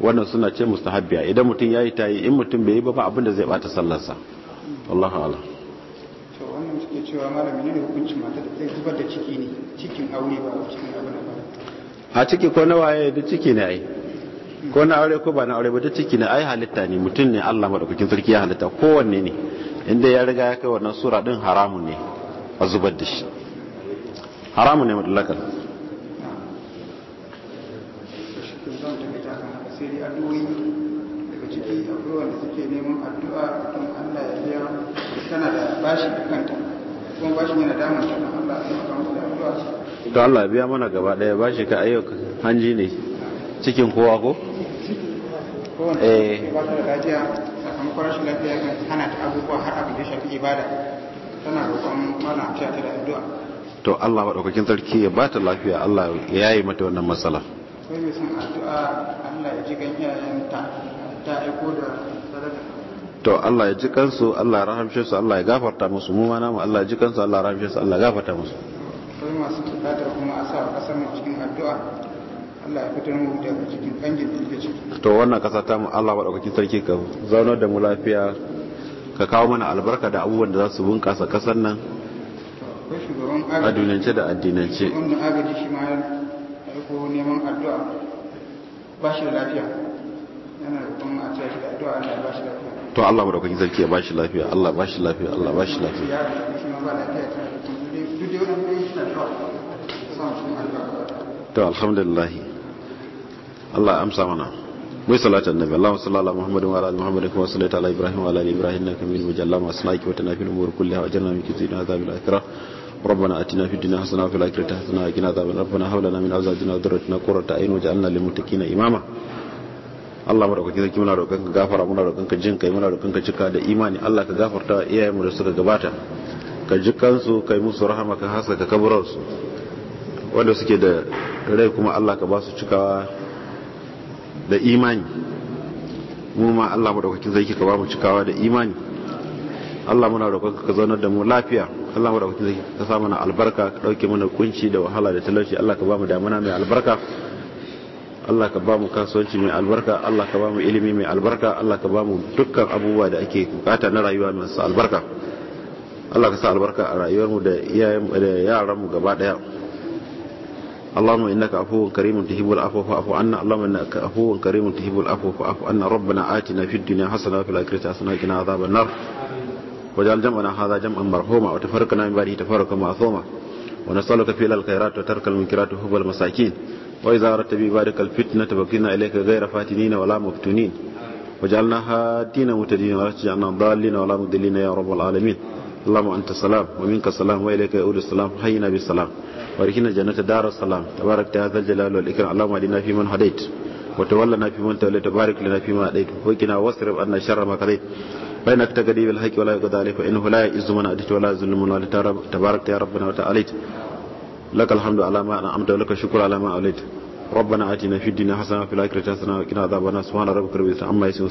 B: wannan suna ce mustahabbiya idan mutum ya yi ta yi in mutum bai yi ba ba abin da zai bata sallarsa Allah ala
C: to wannan suke cewa hukuncin mata da ta zubar da ciki ne cikin aure ba cikin abin
B: ba a ciki ko na waye da ciki ne ai ko na aure ko ba na aure ba da ciki ne ai halitta ne mutum ne Allah madaukakin sarki ya halitta kowanne ne inda ya riga ya kai wannan sura din haramun ne a zubar da shi haramun ne mutlakar
C: addu'o'i daga ciki abubuwan da suke neman addu'a akan Allah ya biya tana da bashi da kanta kuma bashi yana damun
B: ta Allah ya maka musu da addu'a to Allah ya biya mana gaba daya bashi ka ayyuka hanji ne cikin kowa ko
C: eh ba ta da gajiya sakamakon rashin lafiya kan hana ta abubuwa har abin da shafi ibada tana roƙon mana ta da addu'a
B: to Allah maɗaukakin sarki ya ba ta lafiya Allah ya yi mata wannan matsala.
C: akwai mai son addu'a Allah ya ji gan iyayenta ta aiko da sadaka
B: to Allah ya ji kansu Allah ya rahamshe su Allah ya gafarta musu mu ma namu Allah ya ji kansu Allah ya rahamshe su Allah ya gafarta musu
C: akwai masu bukatar kuma a sa kasar mu cikin addu'a Allah ya fitar mu daga cikin kangin da ke ciki
B: to wannan kasa ta mu Allah madaukakin sarki ka zaunar da mu lafiya ka kawo mana albarka da abubuwan da za su bunƙasa kasar nan
C: a duniyance da addinance ko neman addu'a ba shi da lafiya yana da kuma a cikin addu'a da ba shi lafiya
B: to Allah madaukakin sarki ya ba shi lafiya Allah ba shi lafiya Allah ba shi lafiya
C: ya shi ma ba lafiya ta duk da wannan ne shi addu'a
B: to alhamdulillah Allah amsa mana mai salatin nabi Allahu sallallahu ala Muhammadin wa ala Muhammadin kuma sallallahu ala Ibrahim wa ala Ibrahim innaka Hamidum Majid Allahumma asna'iki wa tanafil umur kulliha wa ajirna min kizina azabil akhirah ربنا اتنا في الدنيا حسنه وفي الاخره حسنه وقنا عذاب النار ربنا هب لنا من ازواجنا وذريتنا قرة اعين واجعلنا للمتقين اماما Allah madaukaki zaki muna roƙon ka gafara muna roƙon ka jin kai muna roƙon ka cika da imani Allah ka gafarta iyayenmu da suka gabata ka kansu kai musu rahama ka hasa ka su wanda suke da rai kuma Allah ka ba su cikawa da imani mu ma Allah madaukakin zaki ka ba mu cikawa da imani Allah muna roƙon ka zaunar da mu lafiya Allah mu roƙon zai ka sa mana albarka ka dauke mana kunci da wahala da talauci Allah ka ba mu damuna mai albarka Allah ka ba mu kasuwanci mai albarka Allah ka ba mu ilimi mai albarka Allah ka ba mu dukkan abubuwa da ake bukata na rayuwa masu albarka Allah ka sa albarka a rayuwar mu da iyayen da yaran mu gaba daya اللهم انك عفو كريم تحب العفو فاعف عنا اللهم انك عفو كريم تحب العفو فاعف عنا ربنا اتنا في الدنيا حسنه وفي الاخره حسنه وقنا عذاب النار وجعل جمعنا هذا جمعا مرحوما وتفرقنا من بعده تفرقا معصوما ونسألك فعل الخيرات وترك المنكرات وحب المساكين وإذا أردت ببارك الفتنة بقينا إليك غير فاتنين ولا مفتونين وجعلنا هادين متدين ولا تجعلنا ضالين ولا مضلين يا رب العالمين اللهم أنت السلام ومنك السلام وإليك يؤول السلام حينا بالسلام وارحنا جنة دار السلام تبارك يا ذا الجلال والإكرام اللهم علينا في من هديت وتولنا في من توليت وبارك لنا فيما أديت وقنا واصرف عنا شر ما قضيت بين التقريب الحق ولا يقضى عليه فإنه لا يئز من أدت ولا يذل من والد تبارك يا ربنا وتعاليت لك الحمد على ما أنعمت ولك الشكر على ما أوليت ربنا آتنا في الدنيا حسنة وفي الآخرة حسنة وقنا عذاب النار سبحان ربك رب العزة عما يصفون